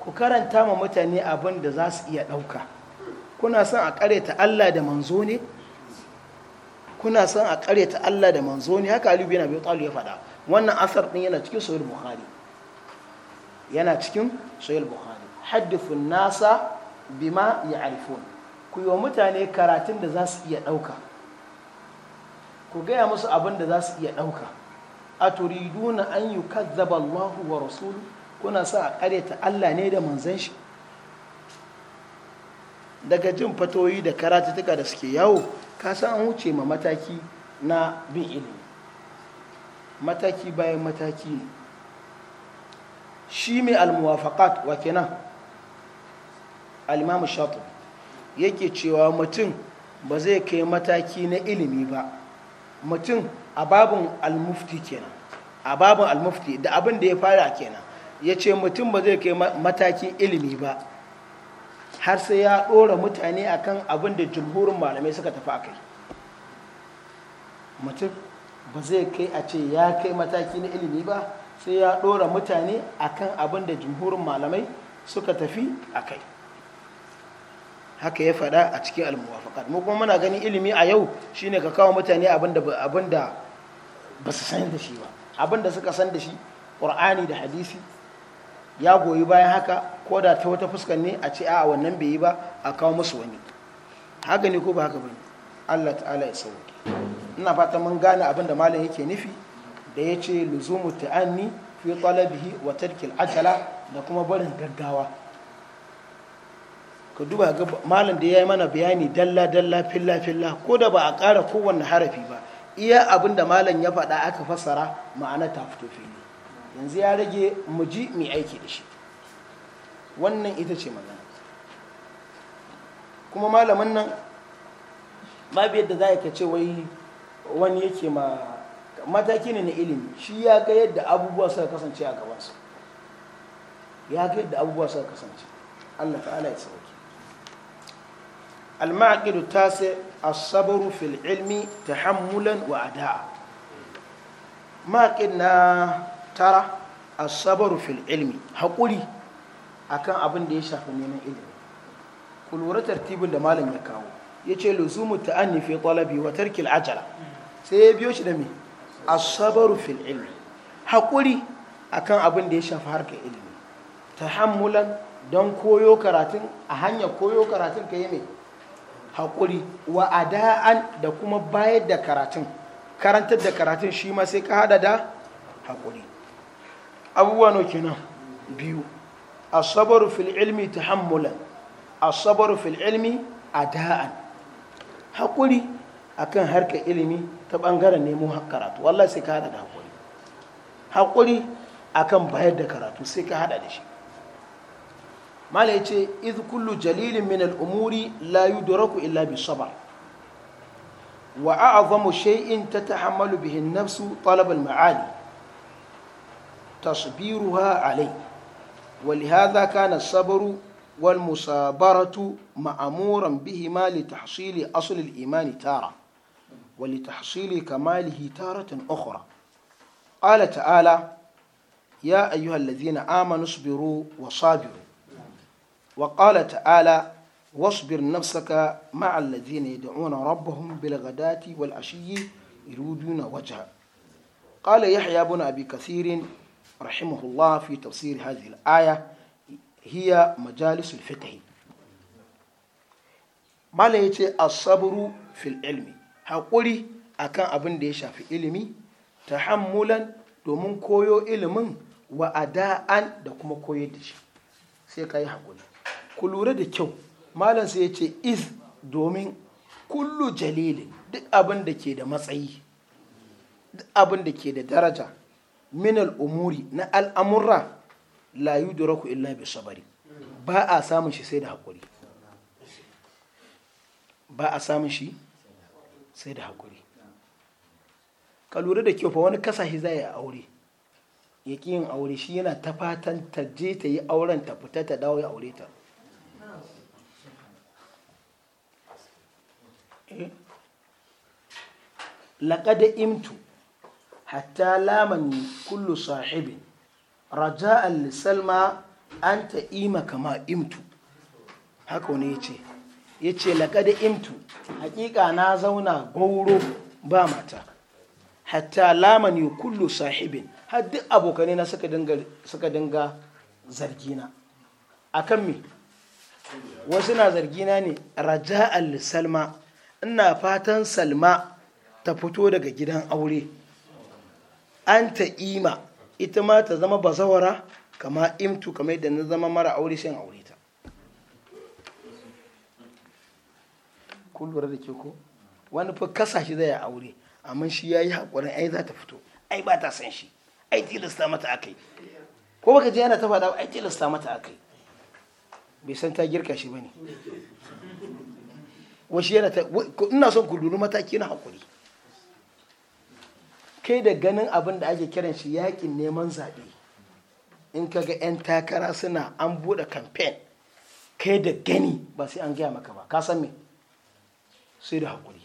Speaker 1: ku karanta ma mutane abin da za su iya ɗauka kuna son a ƙareta Allah da manzo ne kuna son a ƙareta Allah da manzo ne haka Ali bin ya faɗa wannan asar ɗin yana cikin sahih bukhari yana cikin sahih bukhari haddithun nasa bima ku yi wa mutane karatun da za su iya ɗauka ku gaya musu abin da za su iya ɗauka a turiduna an yi kazzaba Allahu wa rasulu kuna sa a karyata Allah ne da manzan shi daga jin fatoyi da karatutuka da suke yawo ka san an wuce ma mataki na bin ilimi mataki bayan mataki ne shi mai almuwafaqat wa kenan alimamu shatu yake cewa mutum ba zai kai mataki na ilimi ba mutum a babin almufti kenan a babin almufti da abin da ya fara kenan ya ce mutum ba zai kai matakin ilimi ba har sai ya ɗora mutane a kan abin da jumhurin malamai suka tafi a kai mutum ba zai kai a ce ya kai mataki na ilimi ba sai ya ɗora mutane a kan abin da jumhurin malamai suka tafi a kai haka ya faɗa a cikin almuwafakar mu kuma muna gani ilimi a yau shine ka kawo mutane abin da ba su san da shi ba abin suka san da shi qur'ani da hadisi ya goyi bayan haka ko da ta wata fuskar ne a ce a wannan bai yi ba a kawo musu wani haka ne ko ba haka bane Allah ta'ala ya sauke ina fata mun gane abin da malam yake nufi da ya ce luzumu ta'anni fi talabihi wa tarkil ajala da kuma barin gaggawa ka duba ga malam da ya yi mana bayani dalla dalla filla filla ko da ba a ƙara kowanne harafi ba iya abin da malam ya faɗa aka fassara ma'ana ta fito fili yanzu ya rage mu ji mai aiki da shi wannan ita ce magana kuma malamin nan babu yadda za ka ce wai wani yake ma mataki ne na ilimi shi ya ga yadda abubuwa suka kasance a gabansu ya ga yadda abubuwa suka kasance Allah ta'ala ya tsawo المعقد التاسع الصبر في العلم تحملا وأداء معقدنا ترى الصبر في العلم هقولي akan abin da ya shafi neman ilimi ku lura tartibin da malam ya kawo ya ce luzumu ta'anni fi talabi wa tarkil ajala sai ya biyo shi da me asabaru fil ilmi haƙuri akan abin da ya shafi harkar ilimi Ta hamulan don koyo karatun a hanyar koyo karatun ka yi mai haƙuri wa ada'an da kuma bayar da karatun karantar da karatun shi ma sai ka hada da haƙuri abubuwa no kenan biyu asabaru fil ilmi tahammulan asabaru fil ilmi da'an haƙuri akan harkar ilimi ta ɓangaren nemo karatu wallah sai ka hada da haƙuri haƙuri akan bayar da karatu sai ka hada da shi mala yace iz kullu jalilin min al-umuri la yudraku illa bi sabr wa a'zamu shay'in tatahammalu bihi an-nafsu talab al-ma'ali تصبيرها عليه ولهذا كان الصبر والمصابرة مأمورا بهما لتحصيل أصل الإيمان تارة ولتحصيل كماله تارة أخرى قال تعالى يا أيها الذين آمنوا اصبروا وصابروا وقال تعالى واصبر نفسك مع الذين يدعون ربهم بالغداة والعشي يريدون وجهه قال يحيى بن أبي كثير رحمه الله في تفسير هذه الآية هي مجالس الفقه ما ليتي الصبر في العلم haƙuri a kan abin da ya shafi ilimi ta hammulan domin koyo ilimin wa'ada'an da kuma koyar da shi sai ka yi haƙuri ku lura da kyau malam sai ya ce is domin kullu jalilin duk abin da ke da matsayi duk abin da ke da daraja Minal umuri na al'amurra da raku illa bi sabari ba a samun shi sai da haƙuri ba a samun shi sai da haƙuri ka lura da kyau fa wani kasashe za yi aure ya ƙi yin aure shi yana ta fatan ta je ta yi auren ta fita ta dawo ya aure ta Eh? laƙada imtu حتى لامني كل صاحب رجاء لسلمى أنت إيما كما إمت haka wani ya ce ya ce laƙada imtu hakika na zauna gauro ba mata hatta lamani kullu sahibin har duk abokanai na suka dinga zargina a kan me wasu na zargina ne raja'al salma ina fatan salma ta fito daga gidan aure an ta ima ita ma ta zama bazawara kama imtu kamar da na zama mara aure shan aure ta ku da ke ko wani fi kasa shi zai aure amma shi ya yi haƙurin ai za ta fito ai ba ta san shi ai tilasta mata kai ko baka ji yana ta faɗa ai tilasta mata kai bai san ta girka shi ba ne. wasu yana ta ina son ku lura mataki na hakuri kai da ganin abin da ake kiran shi yakin neman zaɓe in ka ga 'yan takara suna an buɗe kamfen kai da gani ba sai an gaya maka ba ka san me sai da hakuri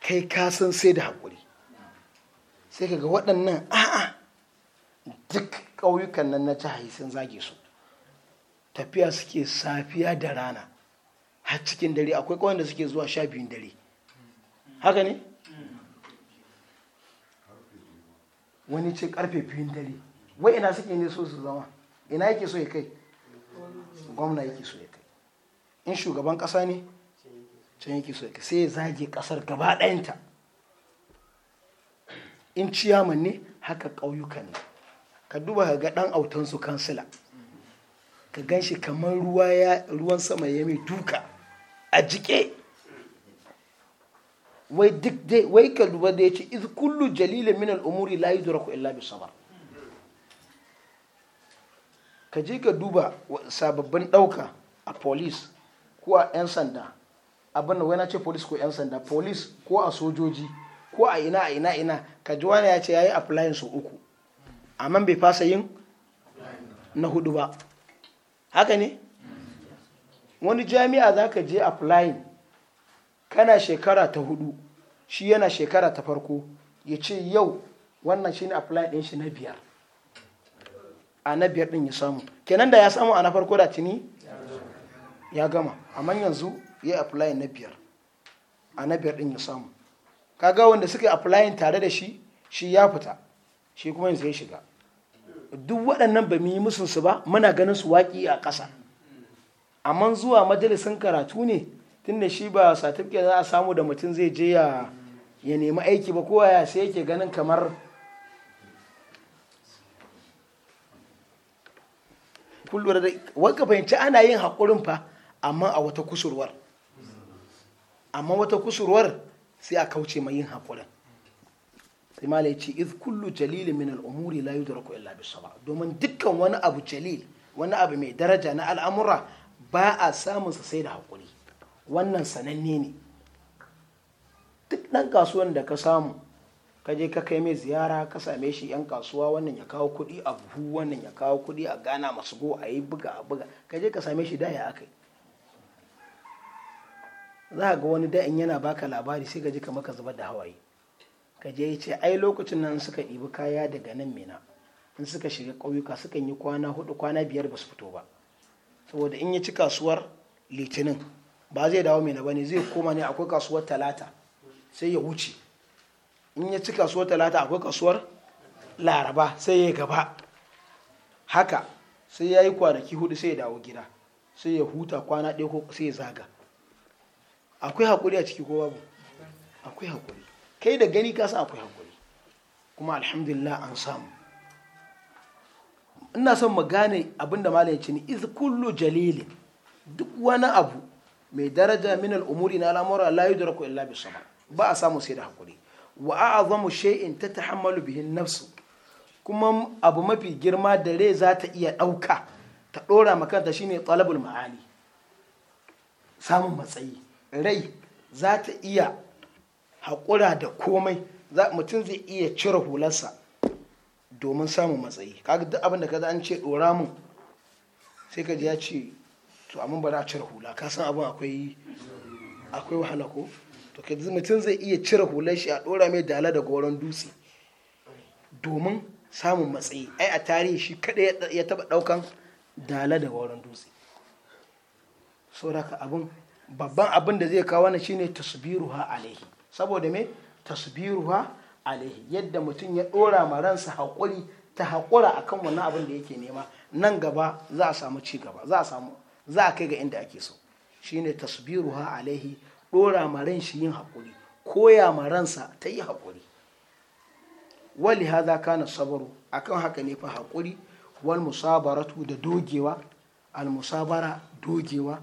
Speaker 1: kai ka san sai da hakuri sai ka ga waɗannan a'a duk ƙauyukan nan na jihar sun zage su tafiya suke safiya da rana har cikin dare akwai kawai da suke zuwa sha biyun dare haka ne wani ce karfe biyun dare wai ina suke ne so su zama ina yake so ya kai gwamna yake so ya kai in shugaban kasa ne can yake so ya kai sai ya zage kasar gaba dayanta in ciyaman ne haka ƙauyukan ne ka duba ka ga ɗan autansu kansila ka gan shi kamar ruwan sama ya mai duka a jike wai duk dai wai ka duba da ce iz kullu jalilin min la yi zura ku illa bi sabar ka je ka duba sababbin dauka a police ko a yan sanda abin wai na ce police ko yan sanda police ko a sojoji ko a ina a ina ina ka ji wani ya ce ya yayi applying su uku amma bai fasa yin na hudu ba haka ne wani jami'a za ka je applying kana shekara ta hudu shi yana shekara ta farko ya ce yau wannan shi a apply din shi na biyar a na biyar din ya samu kenan da ya samu a na farko da tuni ya gama amma yanzu ya yi apply na biyar a na biyar din ya samu kaga wanda suka yi applying tare da shi shi ya fita shi kuma yanzu ya shiga duk waɗannan ba mu yi musunsu ba muna ganin su waƙi a ƙasa amma zuwa majalisin karatu ne tunda shi ba satifike za a samu da mutum zai je ya nemi aiki ba kowa ya sai yake ganin kamar kullum da wanka fahimci ana yin haƙurin fa amma a wata kusurwar amma wata kusurwar sai a kauce mai yin haƙurin sai malai ce iz kullu jalilin min al'umuri la yudraku illa bis domin dukkan wani abu jalil wani abu mai daraja na al'amura ba a samun sa sai da hakuri. wannan sananne ne duk ɗan kasuwan da ka samu ka je ka kai mai ziyara ka same shi yan kasuwa wannan ya kawo kuɗi a buhu wannan ya kawo kuɗi a gana masu go a yi buga a buga ka je ka same shi da ya aka yi za ga wani da'in yana baka labari sai ka ji ka maka zubar da hawaye ka je ce ai lokacin nan suka ɗibi kaya daga nan mina in suka shiga ƙauyuka sukan yi kwana hudu kwana biyar ba su fito ba saboda in ya ci kasuwar litinin ba zai dawo mai bane zai koma ne akwai kasuwar talata sai ya wuce in ya ci kasuwar talata akwai kasuwar laraba sai ya gaba haka sai ya yi kwanaki hudu sai ya dawo gida sai ya huta kwana ɗaya ko sai ya zaga akwai haƙuri a ciki ko babu akwai haƙuri kai da gani ka san akwai haƙuri kuma alhamdulillah an samu ina son mu gane abin da malam cini kullu jalilin duk wani abu mai daraja min al'umuri na al'amura la yudraku illa bi sabr ba a samu sai da hakuri wa a a'zamu ta tatahammalu bihin nafsu kuma abu mafi girma da rai za ta iya ɗauka ta ɗora makanta shine talabul ma'ani samun matsayi rai za ta iya haƙura da komai mutum zai iya cire hularsa domin samun matsayi kaga duk abin da kaza an ce dora mun sai ka ya ce to amma ba za a cire hula ka san abin akwai akwai wahala ko to ka mutum zai iya cire hular shi a dora mai dala da goron dutse domin samun matsayi ai a tarihi shi kada ya taba daukan dala da goron dutse saboda abin babban abin da zai kawo na shine tasbiruha alaihi saboda me tasbiruha alaihi yadda mutum ya dora ma ransa haƙuri ta haƙura akan wannan abin da yake nema nan gaba za a samu ci gaba za a samu za a kai ga inda ake so shine ha alaihi dora ma ran shi yin haƙuri koya ma ransa ta yi haƙuri wali hadha kana sabaru akan haka ne fa haƙuri wal musabaratu da dogewa al musabara dogewa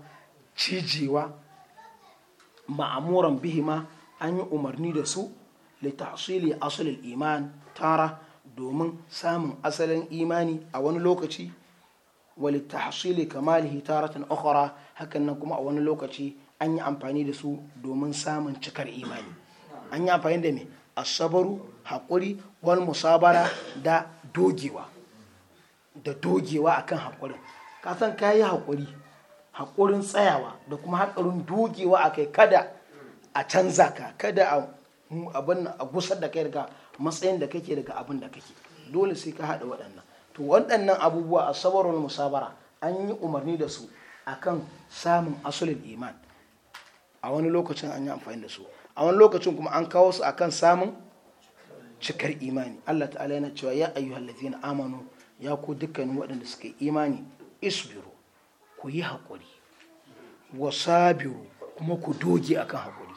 Speaker 1: cijewa ma'amuran bihima an yi umarni da su litahsili asalin iman tara domin samun asalin imani a wani lokaci walitahsili kamalihi taratan ukhra hakan nan kuma a wani lokaci an yi amfani da su domin samun cikar imani an yi amfani da me asabaru hakuri wal musabara da dogewa da dogewa akan hakuri ka san ka yi hakurin haƙurin tsayawa da kuma haƙurin dogewa akai kada a canza ka kada abin a gusar da kai daga matsayin da kake daga abin da kake dole sai ka haɗa waɗannan to waɗannan abubuwa a wani musabara an yi umarni da su akan samun asulin iman a wani lokacin an yi amfani da su a wani lokacin kuma an kawo su akan samun cikar imani Allah ta'ala yana cewa ya ayyuhal amanu ya ku dukkanin waɗanda suka imani isbiru ku yi haƙuri wasabiru kuma ku doge akan haƙuri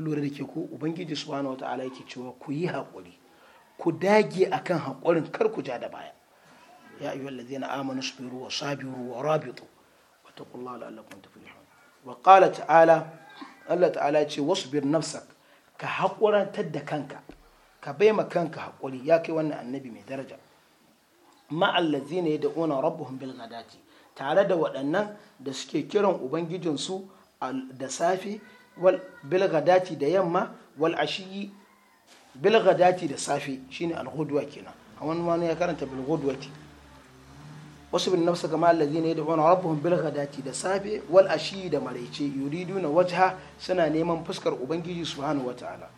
Speaker 1: lura da ke ko ubangiji subhanahu wata'ala yake cewa ku yi haƙuri ku dage akan haƙurin kar ku ja da baya ya ayyuhal ladzina amanu sabiru wa sabiru wa rabitu wattaqullaha la'allakum tuflihun wa qala ta'ala Allah ta'ala ce wasbir nafsak ka haƙurantar da kanka ka bai ma kanka haƙuri ya kai wannan annabi mai daraja ma'allazi ne da una rabbuhum bil ghadati tare da waɗannan da suke kiran ubangijinsu da safe bilgadati da yamma wal ashiyi bilgadati da safe shine alghudwa kenan a wani ya karanta ti wasu bin nafsa kama allazi ne da wani rabbun bilgadati da safe wal ashiyi da maraice na wajha suna neman fuskar ubangiji subhanahu ta'ala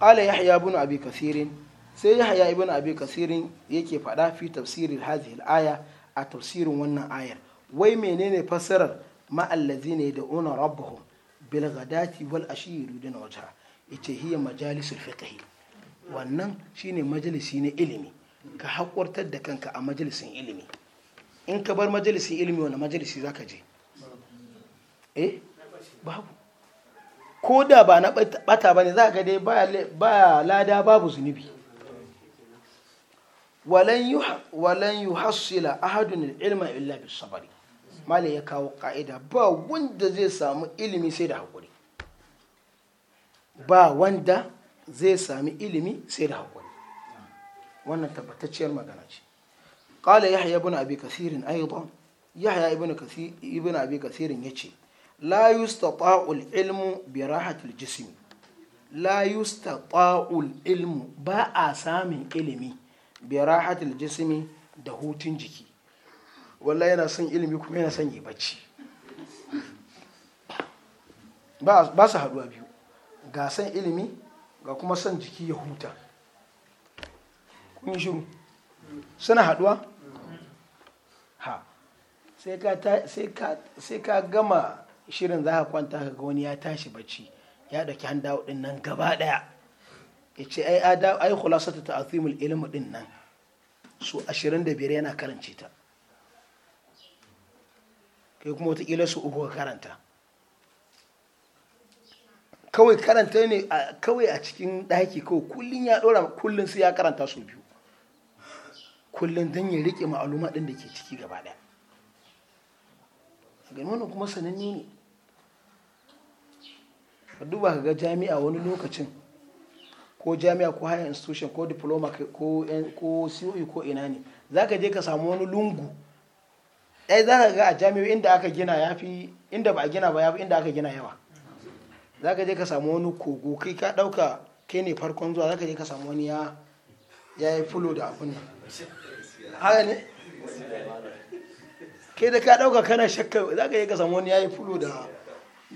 Speaker 1: ala yahya ibn abi kathirin sai yahya ibn abi kathirin yake fada fi tafsirin hadhihi al-aya a tafsirin wannan ayar wai menene fassarar ma allazi ne da una rabbuhum bil ghadati wal ashi yuriduna wajha ita hiya majalisul fiqh wannan shine majalisi na ilimi ka haƙurtar da kanka a majalisin ilimi in ka bar majalisin ilimi wani majalisi za ka je eh babu ko da ba na bata ba ne za ka dai ba lada babu zunubi walan yi hasila ahadun ilma illa bis sabari malam ya kawo ka'ida ba wanda zai samu ilimi sai da haƙuri ba wanda zai sami ilimi sai da haƙuri wannan tabbatacciyar magana ce ƙala haya ibn abi kasirin aidan ya haya kasir abi kasirin yace la yustata'u al-ilmu bi rahatul al-jism la yustata'u ilmu ba a samun ilimi bi rahatul al da hutun jiki wallahi yana son ilimi kuma yana son yi bacci ba su haduwa biyu ga son ilimi ga kuma son jiki ya huta kun yi shiru suna haduwa ha sai ka gama shirin za ka kwanta ka ga wani ya tashi bacci ya ɗauki dawo ɗin nan gaba ɗaya ya ce ai ai ta ta'zimul ilimin ɗin nan su biyar yana karance ta kai kuma wataƙila su uku karanta kawai karanta ne kawai a cikin ɗaki kawai kullum ya ɗora kullum sai ya karanta su biyu kullum don ya riƙe ma'aluma ɗin da ke ciki gaba ɗaya a wannan kuma sananne ne ka duba ka ga jami'a wani lokacin ko jami'a ko higher institution ko diploma ko coe ko ina ne za ka je ka samu wani lungu ai eh, za ka ga a jami'o inda aka gina ya fi inda ba a gina ba ya fi inda aka gina yawa za ka je ka samu wani kogo kai ka ɗauka kai ne farkon zuwa za ka je ka samu wani ya yi fulo da abun nan haka ne kai da ka ɗauka kana shakka za ka je ka samu wani ya yi fulo da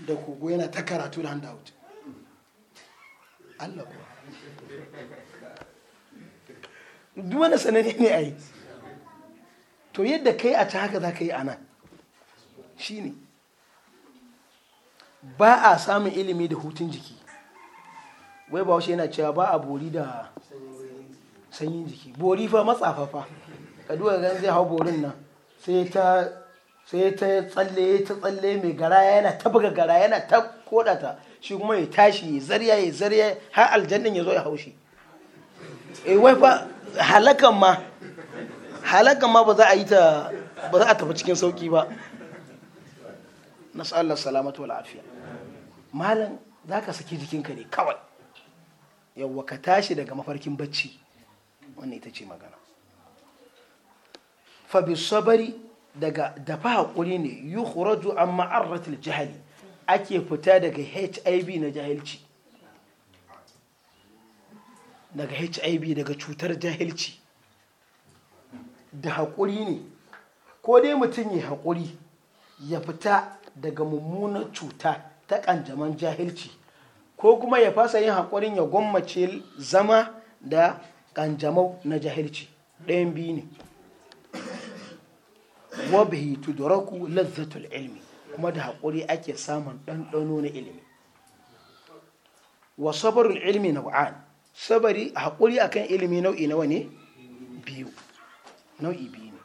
Speaker 1: da kogo yana ta karatu da handout Allah kuwa duk wani sanani ne a yi to yadda kai a ci haka za ka yi a nan shi ne ba a samun ilimi da hutun jiki wai ba yana cewa ba a bori da sanyin jiki bori fa matsafafa ka duwa gan zai hau borin nan sai ta tsalle ta tsalle mai gara yana ta buga gara yana ta kodata shi kuma ya tashi ya zarya ya zarya har aljannin ya zo ya haushi E eh, wai fa halakan ma halakan ma ba za a yi ta ba za a tafi cikin sauki ba nasu salamatu wal afiya malam za ka saki jikinka ne kawai yawwa ka tashi daga mafarkin bacci wannan ita ce magana fa sabari daga dafa haƙuri ne yukhraju an ma'arratil jahali ake fita daga HIV na jahilci daga HIV daga cutar jahilci da haƙuri ne ko dai mutum ya haƙuri ya fita daga mummunar cuta ta ƙanjaman jahilci ko kuma ya fasa yin haƙurin ya gwammace zama da ƙanjamau na jahilci ɗayan biyu ne wabihi tudoraku lazzatul ilmi kuma da haƙuri ake samun ɗanɗano na ilimi wa sabarul ilmi na nau'an sabari haƙuri akan ilimi nau'i nawa ne biyu nau'i biyu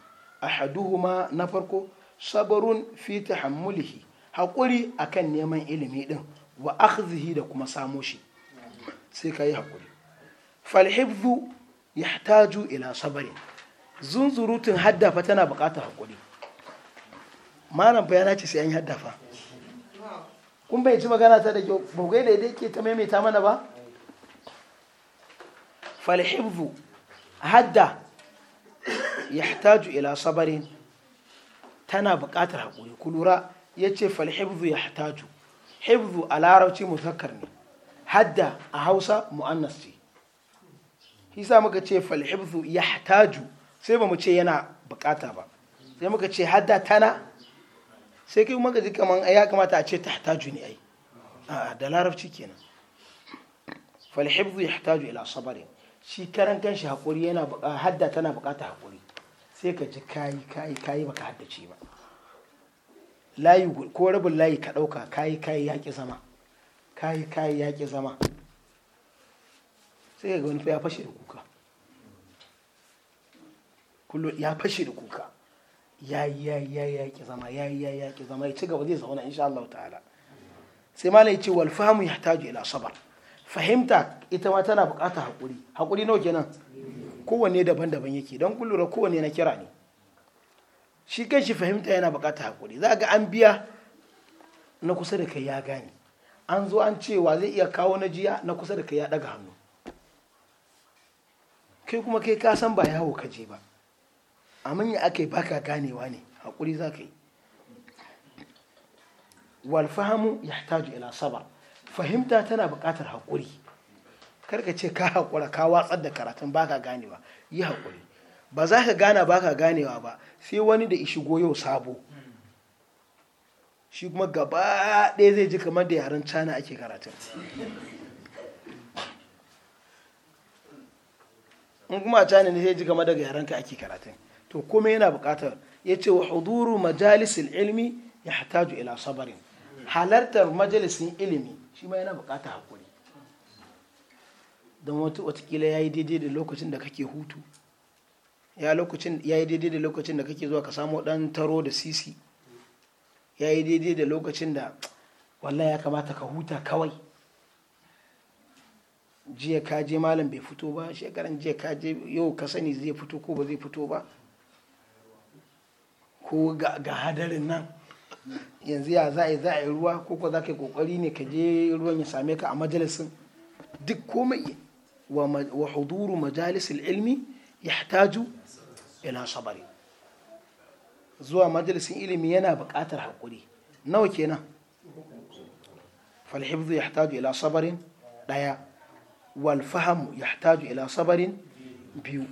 Speaker 1: ne ma na farko sabarun fi hamulihi haƙuri akan neman ilimi din wa akhzihi da kuma samo shi sai ka yi haƙuri ta ju ila sabarin zunzurutun haddafa tana buƙatar haƙuri malam fa ya dace sai an yi haddafa kun bai ci magana ta da kyau bugai da yake ta maimaita mana ba falhifzu hadda yahtaju ila sabarin tana buƙatar haƙuri ku lura ya ce falhibzu yahtaju hibzu a larabci musakar ne hadda a hausa mu'annas ce shi sa muka ce falhibzu yahtaju sai ba mu ce yana buƙata ba sai muka ce hadda tana sai kai muka ji kaman ya kamata a ce tahtaju ne ai da larabci kenan falhibzu yahtaju ila sabarin shi karan kanshi haƙuri yana hadda tana buƙatar haƙuri sai ka ji kayi kayi kayi baka haddace ba layi ko rabin layi ka ɗauka kayi kayi yaƙi zama kayi kayi yaƙi zama sai ga wani ya fashe da kuka kullum ya fashe da kuka ya ya ya yaƙi zama ya ya yaƙi zama ya ci gaba zai zauna insha Allah ta'ala sai malai ce walfahamu ya yahtaju ila sabar. fahimta ita ma tana bukata haƙuri haƙuri nawa kenan kowanne daban-daban yake don kullura kowanne na kira ne shi kan shi fahimta yana bukata haƙuri za ga an biya na kusa da kai ya gane an zo an cewa zai iya kawo na jiya na kusa da kai ya ɗaga hannu kai kuma kai ka san ba yawo ka je ba a ya aka yi baka ganewa ne haƙuri za ka yi walfahamu ya ila sabar fahimta tana buƙatar haƙuri karka ce ka haƙura ka watsar da karatun baka ganewa yi haƙuri ba za ka gana baka ganewa ba sai wani da ishigo yau sabo shi kuma gaba ɗaya zai ji kamar da yaren cana ake karatun in kuma cana ne zai ji kamar daga ka ake karatun to kuma yana buƙatar ya ce wa huduru majalisar ilmi ya hataju ila sabarin halartar majalisin ilimi shi ma yana bukata hakuri don wata watakila ya yi daidai da lokacin da kake hutu ya yi daidai da lokacin da kake zuwa ka samo dan taro da sisi ya yi daidai da lokacin da wallah ya kamata ka huta kawai jiya ka malam bai fito ba shekaran jiya ka yau ka sani zai fito ko ba zai fito ba ko ga hadarin nan yanzu ya za a yi za a yi ruwa ko ko za ka yi kokari ne ka je ruwan ya same ka a majalisin duk komai wa huduru majalis ilmi yahtaju ila sabari zuwa majalisin ilimi yana buƙatar haƙuri nawa kenan falhibzu yahtaju ila sabarin ɗaya wal fahamu yahtaju ila sabarin biyu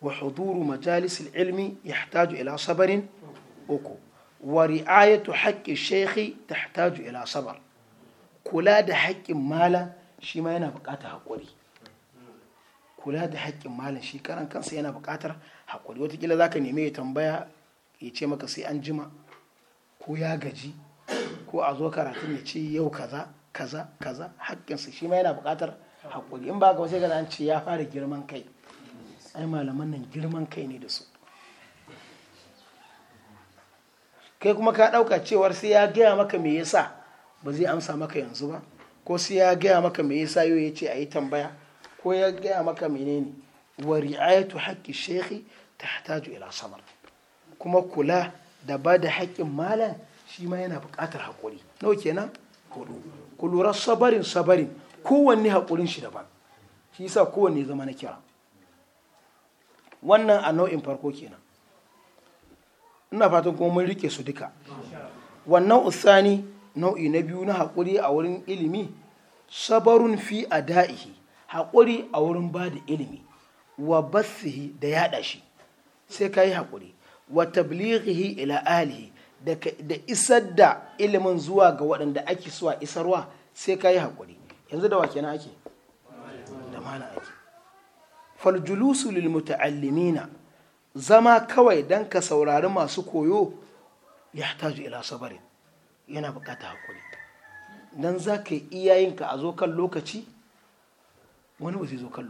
Speaker 1: wa huduru majalis ilmi yahtaju ila sabarin uku wa hakkin haƙƙi shekhi tahtaju ila asabar kula da haƙƙin malam shi yana buƙatar haƙuri kula da haƙƙin malam shi karan kansa yana buƙatar hakuri watakila za ka nemi ya tambaya ya ce maka sai an jima ko ya gaji ko a zo karatun ya ce yau kaza kaza kaza haƙƙinsa yana buƙatar haƙuri in ba ka sai ka ce ya fara girman kai ai malaman nan girman kai ne da su kai kuma ka ɗauka cewar sai ya gaya maka me yasa ba zai amsa maka yanzu ba ko sai ya gaya maka me yasa yau ya ce ayi tambaya ko ya gaya maka menene wa ri'ayatu haƙƙi shekhi ta hataju ila samar kuma kula da ba da haƙƙin malam shi ma yana buƙatar haƙuri nawa kenan hudu ku lura sabarin sabarin kowanne haƙurin shi daban shi yasa kowanne zama na kira wannan a nau'in farko kenan ina fatan kuma mun rike su duka wannan usani nau'i na biyu na haƙuri a wurin ilimi sabarun fi da'ihi haƙuri a wurin ba da ilimi wa basihi da yaɗa shi sai ka yi haƙuri wa tablighihi ila alihi da isar da ilimin zuwa ga waɗanda ake suwa isarwa sai ka yi haƙuri yanzu da wake na ake da mana ake faljulusu lil muta'allimina zama kawai don ka saurari masu koyo ya taju ila sabari yana bukata hakuri don za ka yi iyayenka a zo kan lokaci wani ba zai zo